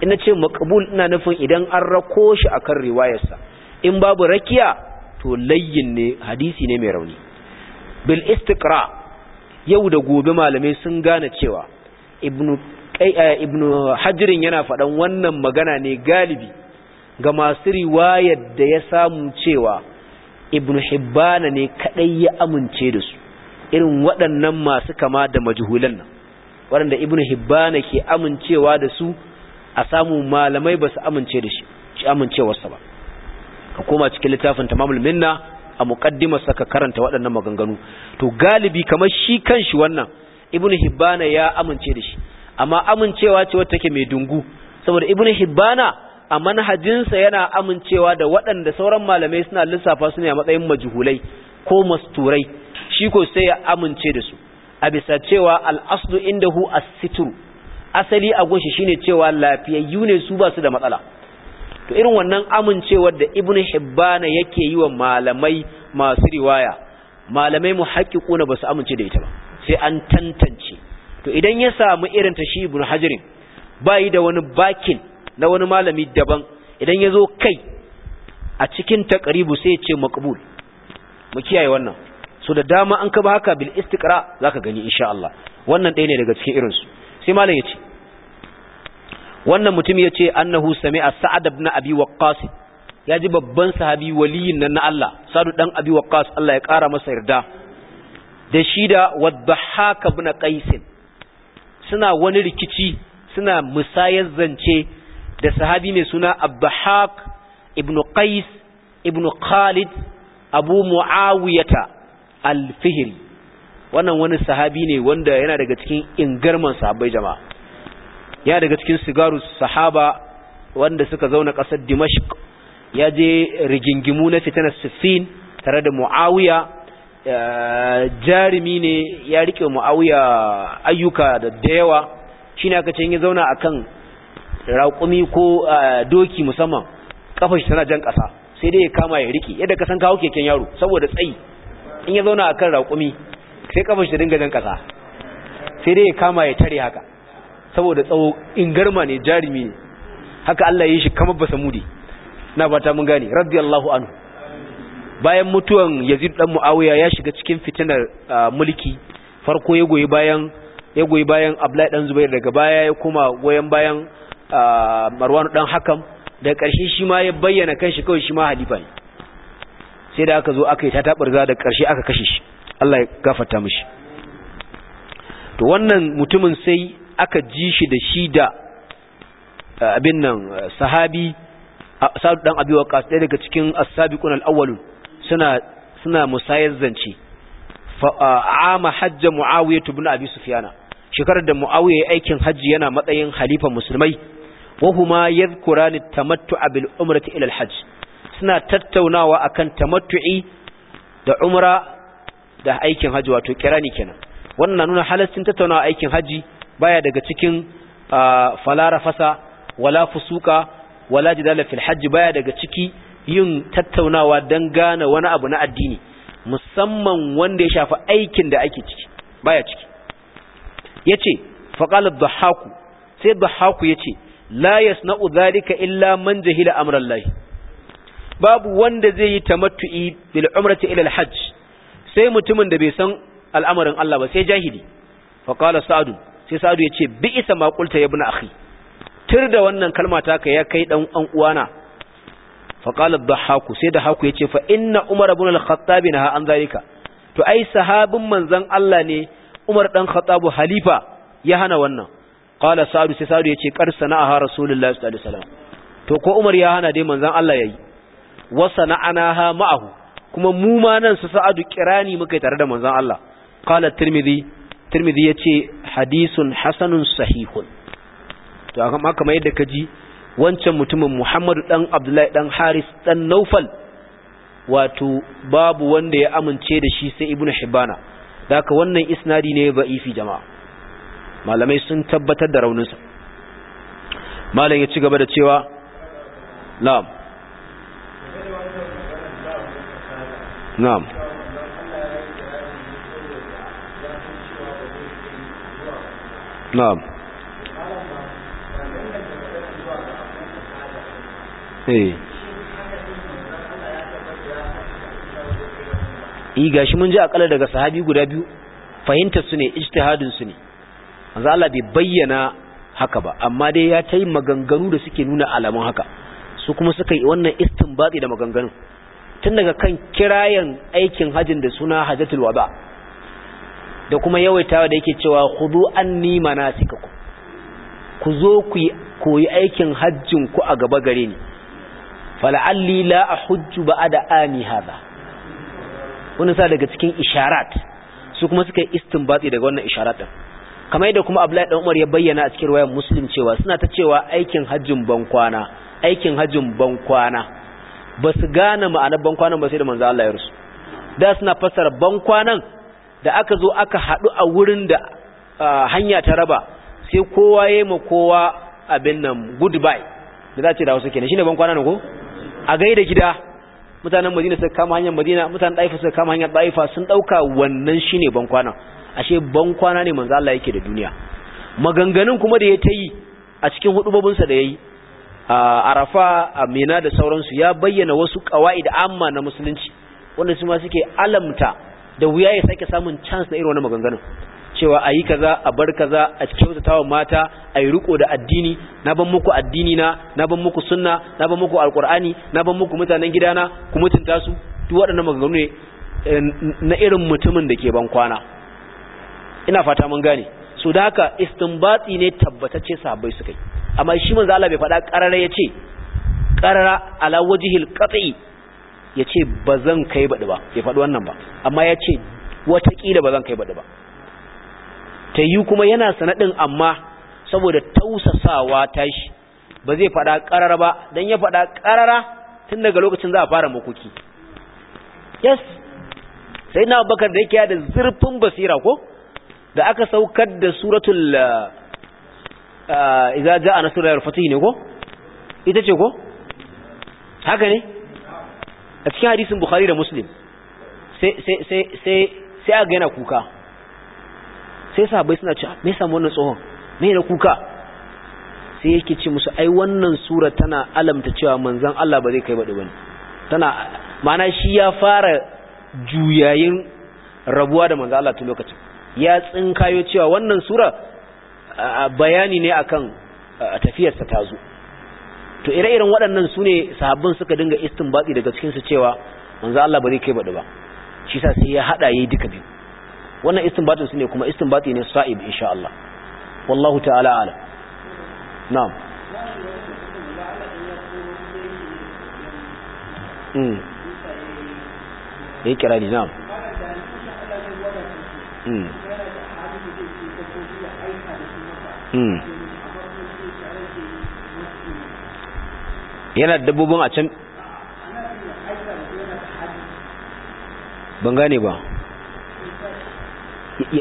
ina ce makabul ina nufin idan an rako shi a kan riwayarsa in babu rakiya to layyin ne hadisi ne mai rauni bil istiqra yau da gobe malamai sun gane cewa ibnu eh, ibnu hajrin yana faɗan wannan magana ne galibi ga masu riwayar da ya samu cewa ibn hibbana ne kadai ya amince da su irin waɗannan masu kama da majhulan nan waɗanda ibn hibbana ke amincewa da su a samu malamai ba su amince da shi amincewarsa ba ka koma cikin littafin tamamul minna a muqaddimar ka karanta waɗannan maganganu to galibi kamar shi kanshi wannan ibn hibbana ya amince da shi amma amincewa ce wacce take mai dungu saboda ibn hibbana a manhajinsa yana amincewa da waɗanda sauran malamai suna lissafa su ne a matsayin majhulai ko masturai shi ko sai ya amince da su a bisa cewa al'aslu hu hu asituru asali a goshi shine cewa lafiyayyu ne su ba su da matsala to irin wannan amincewar da ibnu hibbana yake yi wa malamai masu riwaya malamai mu muhaqqiquna ba su amince da ita ba sai an tantance to idan ya samu irin ta shi ibnu hajarin bayi da wani bakin na wani malami daban idan ya zo kai a cikin takaribu sai ce makbul mu kiyaye wannan so da dama an ka ba haka bil istiqra zaka gani insha Allah wannan ɗaya ne daga cikin irin su sai malam yace wannan mutum yace annahu sami'a sa'ad ibn abi waqqas ya ji babban sahabi waliyin nan na Allah sadu dan abi waqqas Allah ya kara masa yarda da shi da wadhahaka ibn qais suna wani rikici suna musayar zance da sahabi mai suna abbahak ibn qais ibn khalid abu muawiyata al-fihri wannan wani sahabi ne wanda yana daga cikin ingarman sahabbai jama'a ya daga cikin sigaru sahaba wanda suka zauna ƙasar dimashq ya je rigingimu na fitanar siffin tare da muawiya eh, jarumi ne ya rike muawiya ayyuka da dayawa yawa shine aka ce ya zauna akan raƙumi ko doki musamman kafashi tana jan ƙasa sai dai ya kama ya rike yadda ka san kawo keken yaro saboda tsayi in ya zauna a kan raƙumi sai kafashi shi dinga jan ƙasa sai dai ya kama ya tare haka saboda tsawo in garma ne jarumi ne haka Allah ya yi shi kamar Mudi na fata mun gane radiyallahu anhu bayan mutuwan Yazid dan Muawiya ya shiga cikin fitinar mulki farko ya goyi bayan ya goyi bayan Abdullahi dan Zubair daga baya ya koma goyen bayan marwanu dan hakam da karshe shi ma ya bayyana kanshi kawai shi ma halifa ne sai da aka zo aka yi ta taɓarza da karshe aka kashe shi Allah ya gafarta mishi to wannan mutumin sai aka ji shi da shi da abin nan sahabi sa'ad dan abi waqas ɗaya daga cikin as-sabiqun al-awwalun suna suna musayar zance ama hajja muawiya ibn abi sufyana shekarar da muawiya aikin hajji yana matsayin halifa musulmai wahuma yadhkurani tamattu'a bil umrati ila al hajj suna tattaunawa akan tamattu'i da umra da aikin haji wato kirani kenan wannan nuna halaccin tattaunawa aikin haji baya daga cikin falara fasa wala fusuka wala jidala fil hajj baya daga ciki yin tattaunawa dan gane wani abu na addini musamman wanda ya shafi aikin da ake ciki baya ciki yace faqala dhahaku sai dhahaku yace la yasna'u dhalika illa man jahila amra Allah babu wanda zai yi tamattu'i bil umrati ila al hajj sai mutumin da bai san al'amarin Allah ba sai jahili fa qala sa'd sai sa'd yace bi isa ma qulta ya ibn akhi tir da wannan kalma ta ka ya kai dan an uwana fa qala dhahaku sai da haku yace fa inna umar ibn al khattab naha an zalika to ai sahabin manzon Allah ne umar dan khattabu halifa ya hana wannan qala sa'du sai sa'du yace kar sana'aha rasulullahi sallallahu alaihi wasallam to ko umar ya hana dai manzon Allah yayi wa sana'anaha ma'ahu kuma mu ma nan su sa'adu kirani muka tare da manzon Allah qala tirmidhi tirmidhi yace hadisun hasanun sahihun to amma kamar yadda ka ji wancan mutumin Muhammadu dan Abdullahi dan Haris dan Naufal wato babu wanda ya amince da shi sai Hibana Hibbana daka wannan isnadi ne ba'ifi jama'a malamai sun tabbatar da rauninsa malam ya ci gaba da cewa na'am na'am na'am eh yi gashi mun ji akalla daga sahabi guda biyu fahimtar su ne ijtihadin su ne manzo Allah bai bayyana haka ba amma dai ya ta maganganu da suke nuna alamun haka su kuma suka yi wannan istinbati da maganganun tun daga kan kirayen aikin hajjin da suna hajjatul wada da kuma yawaitawa da yake cewa khudu anni manasikakum ku zo ku koyi aikin hajjin ku a gaba gare ni fal'alli la ahujju ba'da ani hadha wannan sa daga cikin isharat su kuma suka yi istinbati daga wannan isharat din kamar yadda kuma Abdullahi dan Umar ya bayyana a cikin riwayar Muslim cewa suna ta cewa aikin hajjin bankwana aikin hajjin bankwana ba su gane ma'anar bankwanan ba sai da manzo Allah ya rusu da suna fassara bankwanan da aka zo aka haɗu a wurin da hanya ta raba sai kowa ya ma kowa abin nan goodbye da za ce da wasu kenan shine bankwana ne ko a gaida gida mutanen Madina suka kama hanyar Madina mutanen Daifa suka kama hanyar Daifa sun dauka wannan shine bankwana ashe ban kwana ne manzo Allah yake da duniya maganganun kuma da ya ta yi a cikin sa da ya yi a arafa a mena da sauransu ya bayyana wasu kawai da amma na musulunci wanda su ma suke alamta da wuya ya sake samun chance na irin wani maganganun cewa a yi kaza a bar kaza a tawa mata a yi riko da addini na ban muku addini na na ban muku sunna na ban muku alkur'ani na ban muku mutanen gidana ku mutunta su duk waɗannan maganganu ne eh, na irin mutumin da ke ban kwana ina fata mun gane su da haka istinbati ne tabbatacce sahabbai suka yi amma shi manzo Allah bai faɗa qarara yace qarara ala wajhil qati yace bazan kai badi ba bai faɗi wannan ba amma yace watakila bazan kai badi ba tayi kuma yana sanadin amma saboda tausasawa tashi ba zai faɗa qarara ba dan ya faɗa qarara tun daga lokacin za a fara makoki yes sai na bakar da yake da zurfin basira ko da aka saukar da suratul uh, uh, idza jaa nasrul fatih ne ko ita ce ko haka ne a cikin hadisin bukhari da muslim sai a sai kuka, sai aga yana kuka sai suna cewa me yasa wannan tsohon mai yana kuka sai yake ce musu ai wannan sura tana alamta cewa manzan Allah ba zai kai baɗi wani tana ma'ana shi ya fara juyayin rabuwa da manzan, Allah tun lokacin ya tsinkayo cewa wannan sura bayani ne akan tafiyarsa ta zo to ire-iren waɗannan su ne sahabbin suka dinga baɗi daga cikinsu cewa manzo Allah ba zai kai baɗi ba shi sa sai ya haɗa yi duka biyu wannan baɗin su ne kuma istinbati ne sa'ib insha Allah wallahu ta'ala ala na'am mm yayi na'am mm Hmm. yana da dabbobin a can ban gane ba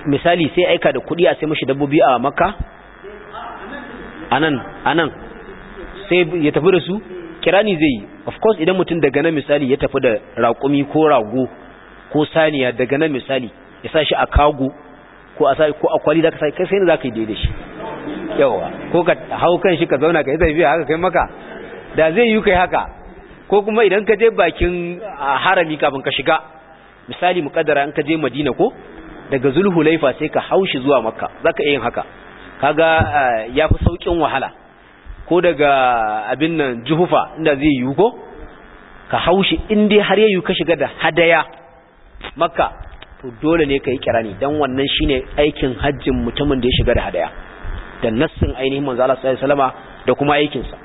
misali sai aika da kudi a sai mashi dabbobi a makka anan anan sai ya tafi da su kirani zai yi of course idan mutum daga nan misali ya tafi da raƙumi ko rago ko saniya daga nan misali ya sa shi a kago ko a ko a kwali zaka sai kai sai ne ka yi daidai shi yawa ko ka hau kan shi ka zauna ka yi tafiya haka kai maka da zai yi kai haka ko kuma idan ka je bakin harami kafin ka shiga misali mukaddara an ka je madina ko daga zulhulaifa sai ka hau shi zuwa makka za ka iya yin haka kaga ya fi sauƙin wahala ko daga abin nan juhufa inda zai yi ko ka hau shi in dai har yayu ka shiga da hadaya makka to dole ne ka yi kirani dan wannan shine aikin hajjin mutumin da ya shiga da hadaya da nassin ainihin manzo Allah sallallahu alaihi wasallama da kuma aikin sa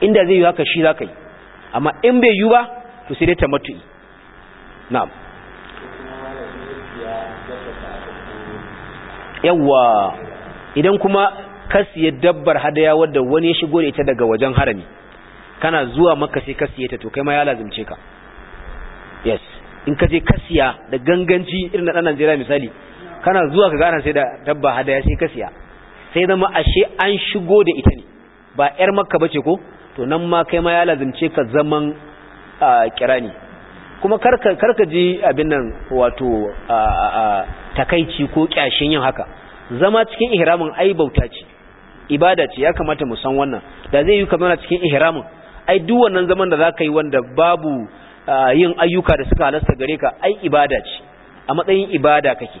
inda zai yi haka shi zaka yi amma in bai yi ba to sai dai tamattu'i na'am yawa idan kuma ka siye dabbar hadaya wadda wani ya shigo da ita daga wajen harami kana zuwa maka sai ka ta to kai ma ya lazimce ka yes in ka je kasiya da ganganci irin na dan Najeriya misali kana zuwa ka gana sai da dabba hadaya sai kasiya sai zama ashe an shigo da ita ne ba yar makka bace ko to nan ma kai ma ya lazimce ka zaman kirani kuma karka karka ji abin nan wato takaici ko kyashin yin haka zama cikin ihramin ai bauta ce ibada ce ya kamata mu san wannan da zai yi kamar cikin ihramin ai duk wannan zaman da za ka yi wanda babu yin ayyuka da suka halasta gare ka ai ibada ce a matsayin ibada kake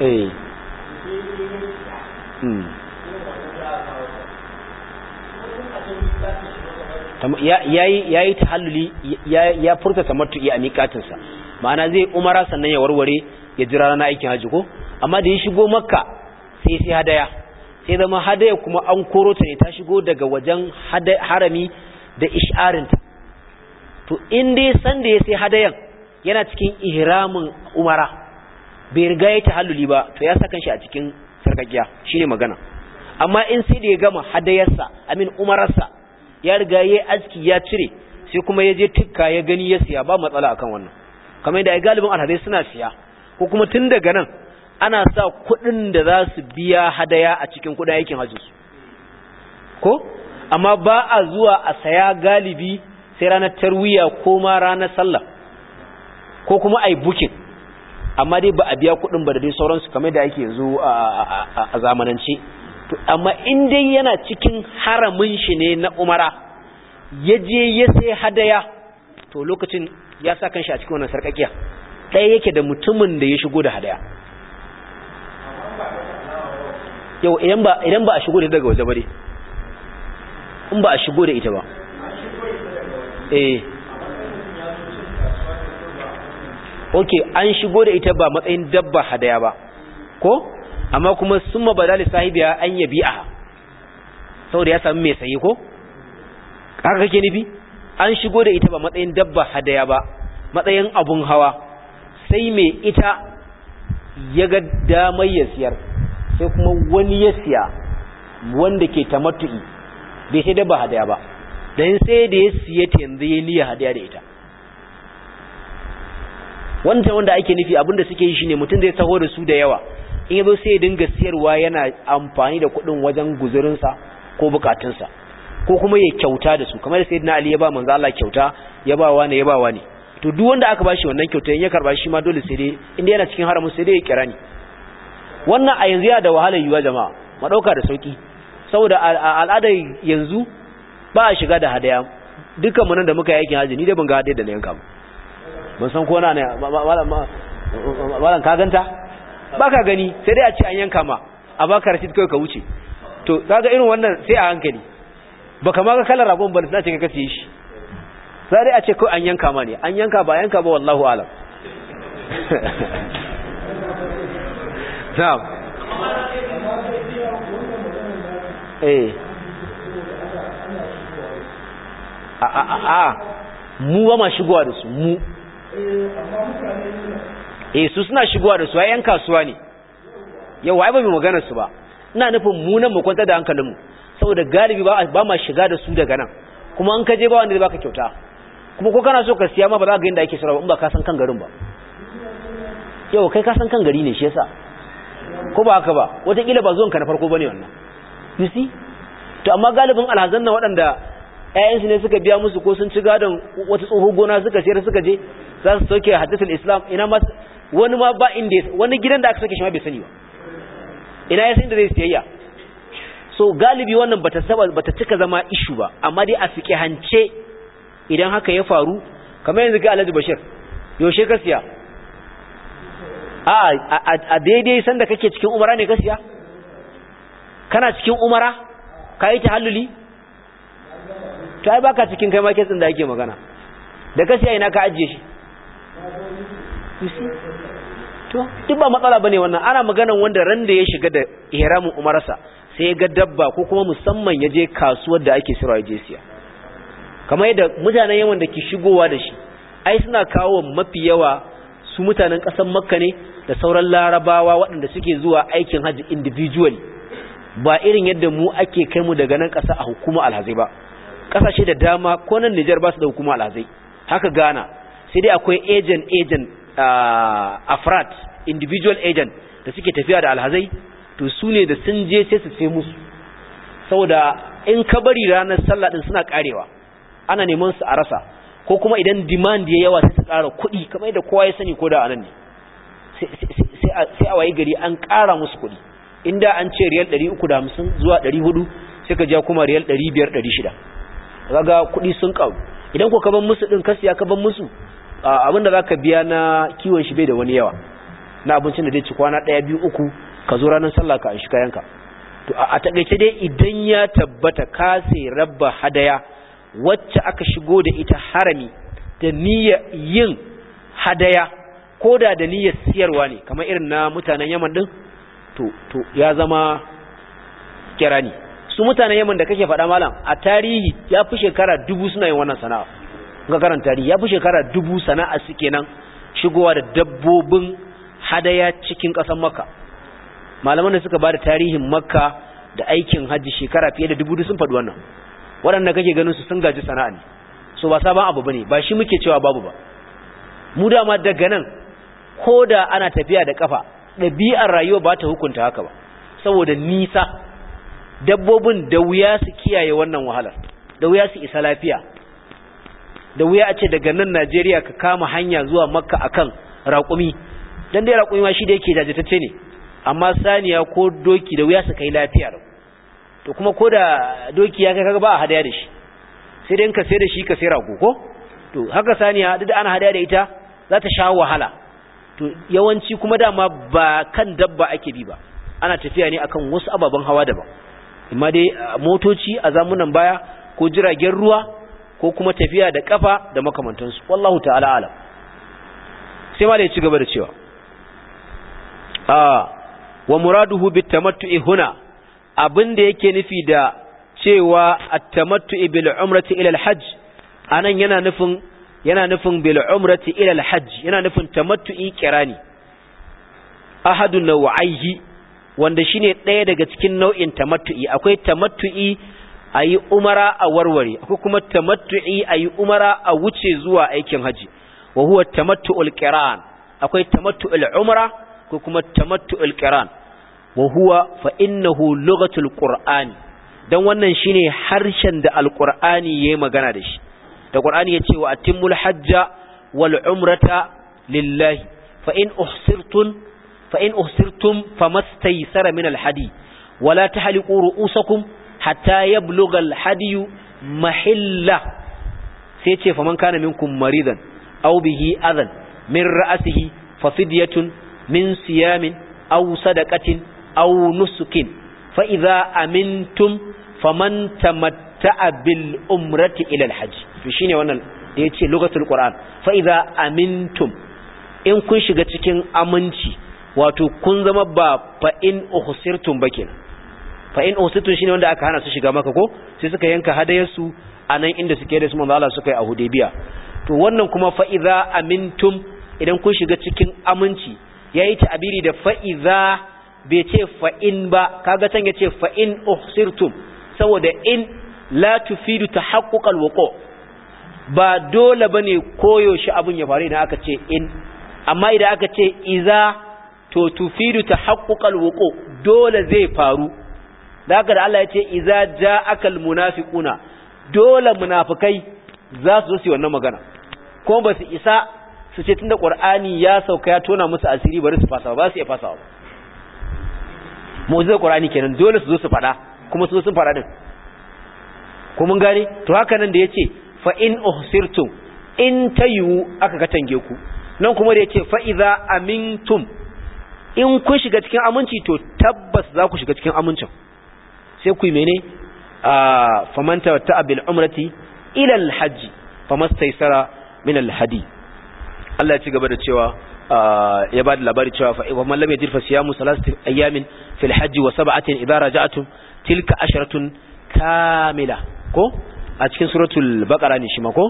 Eh. Hmm. ya yi tahalluli ya furta ta tamattu'i a miƙatinsa ma'ana zai umara sannan ya warware ya jira na aikin hajji ko amma da ya shigo makka sai sai hadaya sai zama hadaya kuma an koro ta ne ta shigo daga wajen harami da ish'arinta to in dai sanda ya sai hadayan yana cikin ihramin umara bai riga ya tahalluli ba to ya saka shi a cikin sarkakiya shine magana amma in sai da ya gama hadayarsa amin umararsa ya riga ya aski ya cire sai kuma ya je tukka ya gani ya siya ba matsala akan wannan kamar yadda ai galibin alhadai suna siya ko kuma tun daga nan ana sa kuɗin da za su biya hadaya a cikin kuɗin aikin hajji ko amma ba a zuwa a saya galibi sai ranar tarwiya ko ma ranar sallah ko kuma ai bukin amma dai ba a biya kuɗin ba da dai sauransu kamar da ake yanzu a zamanance amma in dai yana cikin haramin shi ne na umara ya je ya sai hadaya to lokacin ya sa kanshi a cikin wannan sarkakiya ɗaya yake da mutumin da ya shigo da hadaya yau idan ba a shigo da daga waje ba ne? in ba a shigo da ita ba eh ok an shigo da ita ba matsayin dabba hadaya ba ko amma kuma summa badali sahibiya an yabi'a saboda ya sami mai saye ko haka kake nufi an shigo da ita ba matsayin dabba hadaya ba matsayin abun hawa sai mai ita ya ga damar ya siyar sai kuma wani ya siya wanda ke tamattu'i bai sai dabba hadaya ba don sai da ya siya ta yanzu ya liya hadaya da ita wancan wanda ake nufi abinda suke yi shine mutum zai taho da su da yawa in yazo sai ya dinga siyarwa yana amfani da kuɗin wajen guzurinsa ko bukatunsa ko kuma ya kyauta da su kamar sayyidina ali ya ba manzo Allah kyauta ya ba wani ya ba wani to duk wanda aka bashi wannan kyauta in ya karba shi ma dole sai dai inda yana cikin haramun sai dai ya kira ni wannan a yanzu yana da wahalar yuwa jama'a ma dauka da sauki saboda al'adar yanzu ba a shiga da hadaya dukkan mun da muka yi aikin haji ni dai ban ga da na yanka ba ban san ko na ne malam ka ganta ba ka gani sai dai a ce an yanka ma a baka rashid kawai ka wuce to kaga irin wannan sai a hankali ba kama ga kalar ragon ba na ce ka kasiye shi sai dai a ce kawai an yanka ma ne an yanka ba yanka ba wallahu alam na'am eh a a a mu ba ma shigowa da su mu eh su suna shigowa da su ai yan kasuwa ne yau ai ba mu magana su ba ina nufin mu nan mu kwanta da hankalinmu saboda galibi ba ba ma shiga da su daga nan kuma an kaje ba wanda zai baka kyauta kuma ko kana so ka siya ma ba za ka ga inda ake ba? in ba ka san kan garin ba yau kai ka san kan gari ne shi yasa ko ba haka ba wataƙila ba zuwanka na farko bane wannan you see to amma galibin alhazan na waɗanda ƴaƴansu ne suka biya musu ko sun ci gadon wata tsohon gona suka sayar suka je za su soke hadisul islam ina ma wani ma ba inda wani gidan da aka soke shi ma bai sani ba ina ya san da zai siyayya so galibi wannan bata saba bata cika zama ishu ba amma dai a sike hance idan haka ya faru kamar yanzu ga Alhaji Bashir yaushe ka siya a a daidai sanda kake cikin umara ne ka siya kana cikin umara kai tahalluli to ai baka cikin kai ma ke da ake magana da ka siya ina ka ajiye shi to duk ba matsala bane wannan ana maganan wanda ran da ya shiga da ihramin umarsa sai ya ga dabba ko kuma musamman ya je kasuwar da ake sirwa je siya kamar yadda mutanen yawan da ke shigowa da shi ai suna kawo mafi yawa su mutanen ƙasar makka ne da sauran larabawa waɗanda suke zuwa aikin hajji individual ba irin yadda mu ake kai mu daga nan ƙasa a hukuma alhazai ba ƙasashe da dama ko nan Nijar ba su da hukuma alhazai haka gana. sai dai akwai agent agent afrat individual agent da suke tafiya da alhazai to su ne da sun je sai su sai musu saboda in ka bari ranar sallah din suna karewa ana neman su a rasa ko kuma idan demand ya yawa sai su ƙara kuɗi kamar yadda kowa ya sani ko da anan ne sai a waye gari an ƙara musu kuɗi inda an ce riyal 350 zuwa 400 sai ka ja kuma riyal 500 600 kaga kuɗi sun ƙaru idan ko ka ban musu din kasiya ka ban musu abin da za ka biya na kiwon shi bai da wani yawa na abincin da zai ci kwana ɗaya biyu uku ka zo ranar sallah ka an shi kayanka to a takaice dai idan ya tabbata ka sai rabba hadaya wacce aka shigo da ita harami da niyyar yin hadaya ko da da niyyar siyarwa ne kamar irin na mutanen yaman din to to ya zama kirani su mutanen yaman da kake faɗa malam a tarihi ya fi shekara dubu suna yin wannan sana'a ga karanta ni ya fi shekara dubu sana'a suke nan shigowa da dabbobin hadaya cikin ƙasar makka malaman da suka ba da tarihin makka da aikin hajji shekara fiye da dubu sun faɗi wannan waɗanda kake ganin su sun gaji sana'a ne so ba sabon abu ba ne ba shi muke cewa babu ba mu dama daga nan ko da ana tafiya da kafa ɗabi'ar rayuwa ba ta hukunta haka ba saboda nisa dabbobin da wuya su kiyaye wannan wahalar da wuya su isa lafiya da wuya a ce daga nan Najeriya ka kama hanya zuwa Makka akan raƙumi dan dai raƙumi ma shi da yake jajatacce ne amma saniya ko doki da wuya su kai lafiya to kuma ko da doki ya kai kaga ba a hadaya da shi sai dai ka sai da shi ka sai rago ko to haka saniya duk da ana hadaya da ita za ta sha wahala to yawanci kuma dama ba kan dabba ake bi ba ana tafiya ne akan wasu ababen hawa daban amma dai motoci a zamunan baya ko jiragen ruwa ko kuma tafiya da kafa da makamantansu wallahu ta'ala alam sai ma da ya ci gaba da cewa a wa muraduhu bitamattu'i huna abin yake nufi da cewa at-tamattu'i bil umrati ila al-hajj anan yana nufin yana nufin bil umrati ila al-hajj yana nufin tamattu'i kirani ahadun nawaihi wanda shine ɗaya daga cikin nau'in tamattu'i akwai tamattu'i a yi umara a warware akwai kuma tamattu'i a yi umara a wuce zuwa aikin haji wa huwa tamattu'ul qiran akwai tamattu'ul umra ko kuma tamattu'ul qiran wa huwa fa innahu lughatul qur'ani dan wannan shine harshen da alqur'ani yayi magana da shi da qur'ani yace wa atimmul hajja wal umrata lillahi fa in uhsirtum fa in uhsirtum famastaysara min al wala tahliqu ru'usakum hatta yablugha hadiyu mahilla sai ce faman kana minkum maridan aw bihi min ra'sihi fa min siyamin au sadaqatin aw nusukin fa idza amintum faman tamatta'a bil umrati ila hajji. hajj to wannan da ya ce lokacin fa idza amintum in kun shiga cikin aminci wato kun zama ba fain in ba bakin fa in usitun shine wanda aka hana su shiga maka ko sai suka yanka hadayar su anan inda suke da su manzo Allah suka yi a Hudaybiya to wannan kuma fa iza amintum idan kun shiga cikin aminci yayi tabiri da fa iza bai ce fa in ba kaga can yace fa in uhsirtum saboda in la tufidu tahaqquqal wuqu ba dole bane koyo shi abun ya faru idan aka ce in amma idan aka ce iza to tufidu tahaqquqal wuqu dole zai faru da haka da Allah ya ce iza akal munafiquna dole munafikai za su zo su wannan magana ko ba su isa su ce tunda qur'ani ya sauka ya tona musu asiri bari su fasa ba su iya fasa ba mu'jizar qur'ani kenan dole su zo su fada kuma su zo sun fada din ko mun gane to haka nan da yace fa in uhsirtum in tayu aka katange ku nan kuma da yace fa iza amintum in kun shiga cikin aminci to tabbas za ku shiga cikin amincin sai ku mene a famanta ta abil umrati ila alhaji famastaisara min alhadi Allah ya ci gaba da cewa ya ba da labari cewa fa wa man lam yajid fa siyamu salasati ayamin fil hajj wa sab'atin idza raja'tum tilka asharatun kamila ko a cikin suratul baqara ne shi ma ko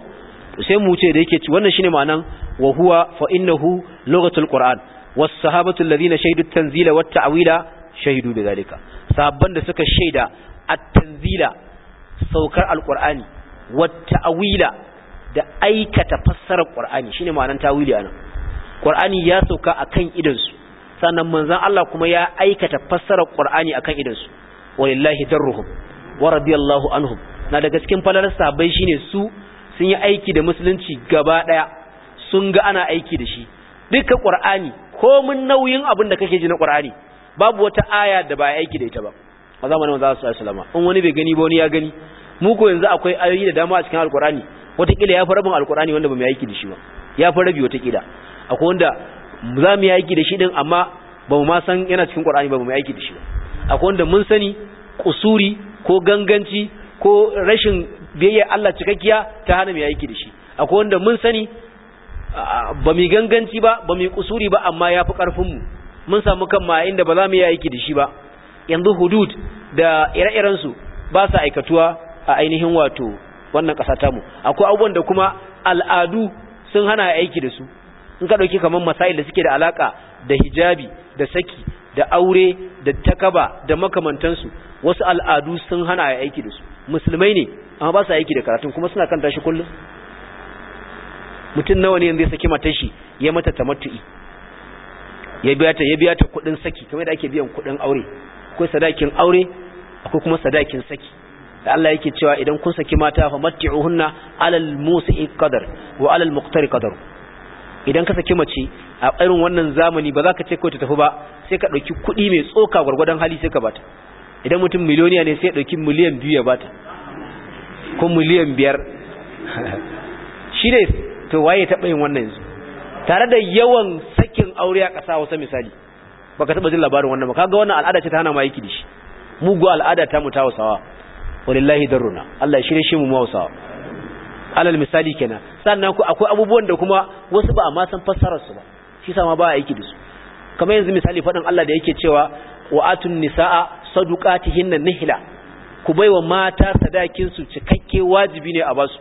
sai mu ce da yake ci wannan shine ma'anan wa huwa fa innahu lughatul qur'an was sahabatu alladhina shahidu at-tanzila wat ta'wila shahidu bidhalika sahabban da suka shaida at-tanzila saukar alkur'ani wa ta'wila da aikata fassarar qur'ani shine ma'anar tawili anan qur'ani ya sauka akan idansu sannan manzan Allah kuma ya aikata fassarar qur'ani akan idansu walillahi darruhum wa radiyallahu anhum na daga cikin falalar sahabbai shine su sun yi aiki da musulunci gaba daya sun ga ana aiki da shi duka qur'ani komin nauyin abin da kake ji na qur'ani babu wata aya da ba aiki da ita ba a zamanin wanzu su alaihi in wani bai gani ba wani ya gani mu ko yanzu akwai ayoyi da dama a cikin alkurani watakila ya fi rabin alkurani wanda ba mu aiki da shi ba ya fi rabi watakila akwai wanda za mu yi aiki da shi din amma ba mu ma san yana cikin qur'ani ba mu yi aiki da shi ba akwai wanda mun sani kusuri ko ganganci ko rashin biyayya Allah cikakkiya ta hana mu yi aiki da shi akwai wanda mun sani ba mu ganganci ba ba mu kusuri ba amma ya fi karfin mu mun samu kan ma inda ba za mu yi aiki da shi ba yanzu hudud da ire-iren su ba sa aikatuwa a ainihin wato wannan ƙasa ta mu akwai abubuwan da kuma al'adu sun hana aiki da su in ka ɗauki kamar masail da suke da alaka da hijabi da saki da aure da takaba da makamantansu wasu al'adu sun hana aiki da su musulmai ne amma ba su aiki da karatun kuma suna kan tashi kullum mutum nawa ne yanzu ya saki matashi ya mata tamattu'i ya biya ta ya biya ta kuɗin saki kamar da ake biyan kuɗin aure akwai sadakin aure akwai kuma sadakin saki da Allah yake cewa idan kun saki mata fa matti'uhunna alal musi qadar wa alal muqtar qadar idan ka saki mace a irin wannan zamani ba za ka ce ko ta tafi ba sai ka dauki kuɗi mai tsoka gurgurdan hali sai ka bata idan mutum miliyoniya ne sai ya dauki miliyan biyu ya bata ko miliyan biyar shi ne to waye taɓa yin wannan yanzu tare da yawan sakin aure a ƙasa wasu misali baka taɓa jin labarin wannan ba ga wannan al'ada ce ta hana ma yake shi. mugu al'ada ta mu ta wasawa wallahi daruna Allah ya shirye shi mu ma wasawa alal misali kenan sannan ku akwai abubuwan da kuma wasu ba amma san fassarar su ba shi sa ma ba aiki da su kamar yanzu misali faɗin Allah da yake cewa atun nisaa saduqatihinna nihla ku baiwa mata sadakin su cikakke wajibi ne a basu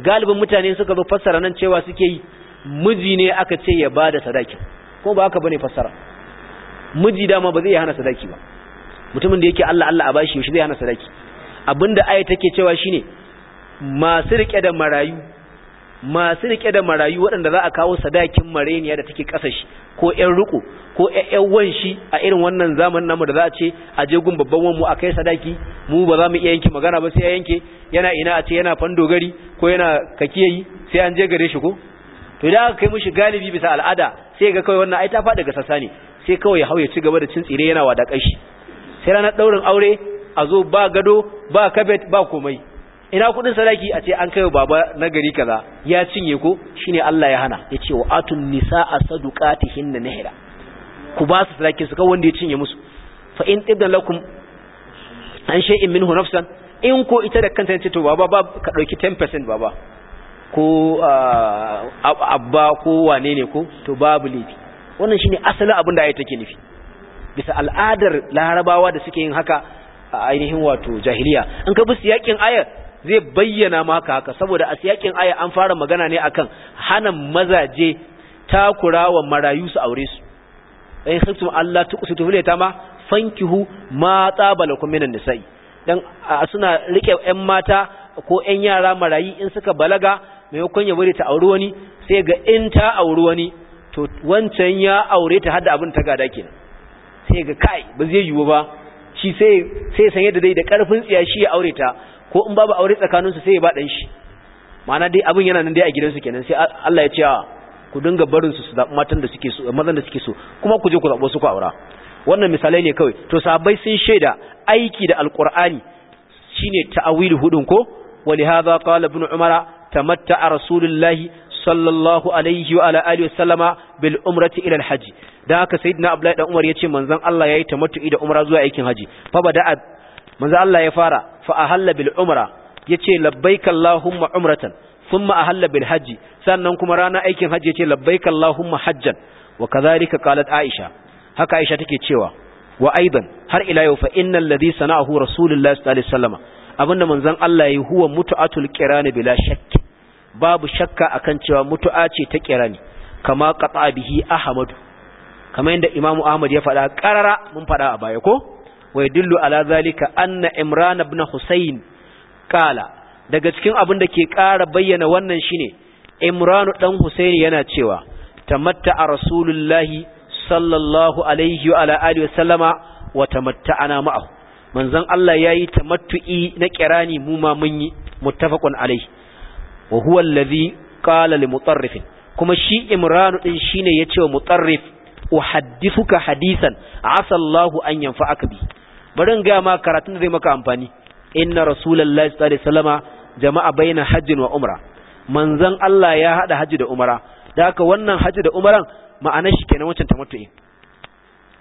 galibin mutane suka zo fassara nan cewa suke yi miji ne aka ce ya bada sadaki ko ba aka bane fassara miji dama ba zai hana sadaki ba mutumin da yake Allah Allah a bashi shi zai hana sadaki abinda aya take cewa shine masu rike da marayu masu rike da marayu waɗanda za a kawo sadakin mareniya da take ƙasa shi ko ƴan riko ko ƴaƴan wanshi a irin wannan zamanin namu da za a ce a je gun babban wanmu a kai sadaki mu ba za mu iya yanke magana ba sai ya yanke yana ina a ce yana fan dogari ko yana kakiyayi sai an je gare shi ko to idan aka kai mishi galibi bisa al'ada sai ga kawai wannan ai ta faɗi ga sassa ne sai kawai ya hau ya ci gaba da cin tsire yana wadaƙar shi sai ranar daurin aure a zo ba gado ba kabet ba komai ina kuɗin sadaki a ce an kai baba na gari kaza ya cinye ko shine Allah ya hana ya ce wa atun nisa a saduqatihin na nahira ku ba su sadakin su kawai wanda ya cinye musu fa in tibdan lakum an shay'in minhu nafsan in ko ita da kanta ce to baba ba ka dauki 10% baba ko abba ko wane ne ko to babu laifi wannan shine asalin abin da ayi take nufi bisa al'adar larabawa da suke yin haka a ainihin wato jahiliya in ka bi siyakin ayar zai bayyana maka haka saboda a siyakin ayar an fara magana ne akan hana mazaje takurawa marayu su aure su ayin hukum Allah tuqsitu ta ma fankihu ma tabalakum minan nisa'i dan suna rike ƴan mata ko ƴan yara marayi in suka balaga maimakon ya bari ta auri wani sai ga in ta auri wani to wancan ya aure ta hada abin ta gada kenan sai ga kai ba zai yiwu ba shi sai sai san yadda dai da karfin tsiya shi ya aure ta ko in babu aure tsakanin sai ya ba dan shi ma'ana dai abin yana nan dai a gidansu kenan sai Allah ya ce ah, ku dinga barin su su zabi matan da suke so mazan da suke so kuma ku je ku zabo su ku aura wannan misalai ne kawai to sabai sun shaida aiki da alqur'ani shine ta'awil hudun ko ولهذا قال ابن عمر tamatta'a rasulullahi sallallahu alaihi wa ala alihi wasallama bil umrati ila al haji dan haka sayyidina abdullahi dan umar yace manzon Allah yayi tamattu'i da umra zuwa aikin haji fa bada manzon Allah ya fara fa ahalla bil umra yace labbaik allahumma umratan thumma ahalla bil haji sannan kuma rana aikin haji yace labbaik allahumma hajjan wa kadhalika qalat aisha haka aisha take cewa wa aidan har ila yau fa innal ladhi sana'ahu rasulullahi sallallahu alaihi wasallama abinda manzon Allah yayi huwa mutu'atul qirani bila shakki babu shakka akan cewa mutu'a ce ta ne kama qata bihi ahmad kama yadda imamu ahmad ya faɗa qarara mun faɗa a baya ko Wai dillu ala zalika anna imran ibn husayn qala daga cikin abin da ke ƙara bayyana wannan shine imran dan husayn yana cewa tamatta rasulullahi sallallahu alaihi wa ala alihi wa sallama wa ma'ahu manzon Allah yayi tamattu'i na kirani mu ma mun yi muttafaqun alaihi wa huwa allazi qala li mutarrif kuma shi Imran din shine yace wa mutarrif uhaddithuka hadisan asa Allahu an yanfa'aka bi barin ga ma karatun zai maka amfani inna rasulullahi sallallahu alaihi wasallama jama'a baina hajjin wa umra manzan Allah ya hada hajji da umra da haka wannan hajji da umaran ma'anar shi kenan wancan tamattu'i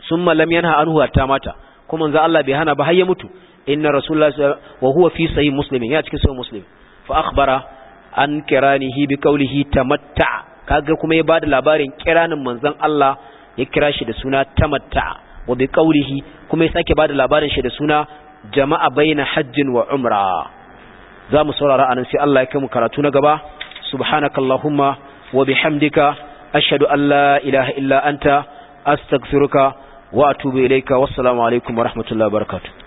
summa lam yanha anhu hatta mata kuma manzon Allah bai hana ba har ya mutu inna rasulullahi wa huwa fi sahih muslim ya cikin sahih muslim fa akhbara an kiranihi bi qawlihi tamatta kaga kuma ya bada labarin kiranin manzon Allah ya kira shi da suna tamatta wa bi qawlihi kuma ya sake bada labarin shi da suna jama'a baina hajjin wa umra za mu saurara anan sai Allah ya kai mu karatu na gaba subhanakallahumma wa bihamdika ashhadu an la ilaha illa anta astaghfiruka wa atubu ilayka wassalamu alaikum wa rahmatullahi wa barakatuh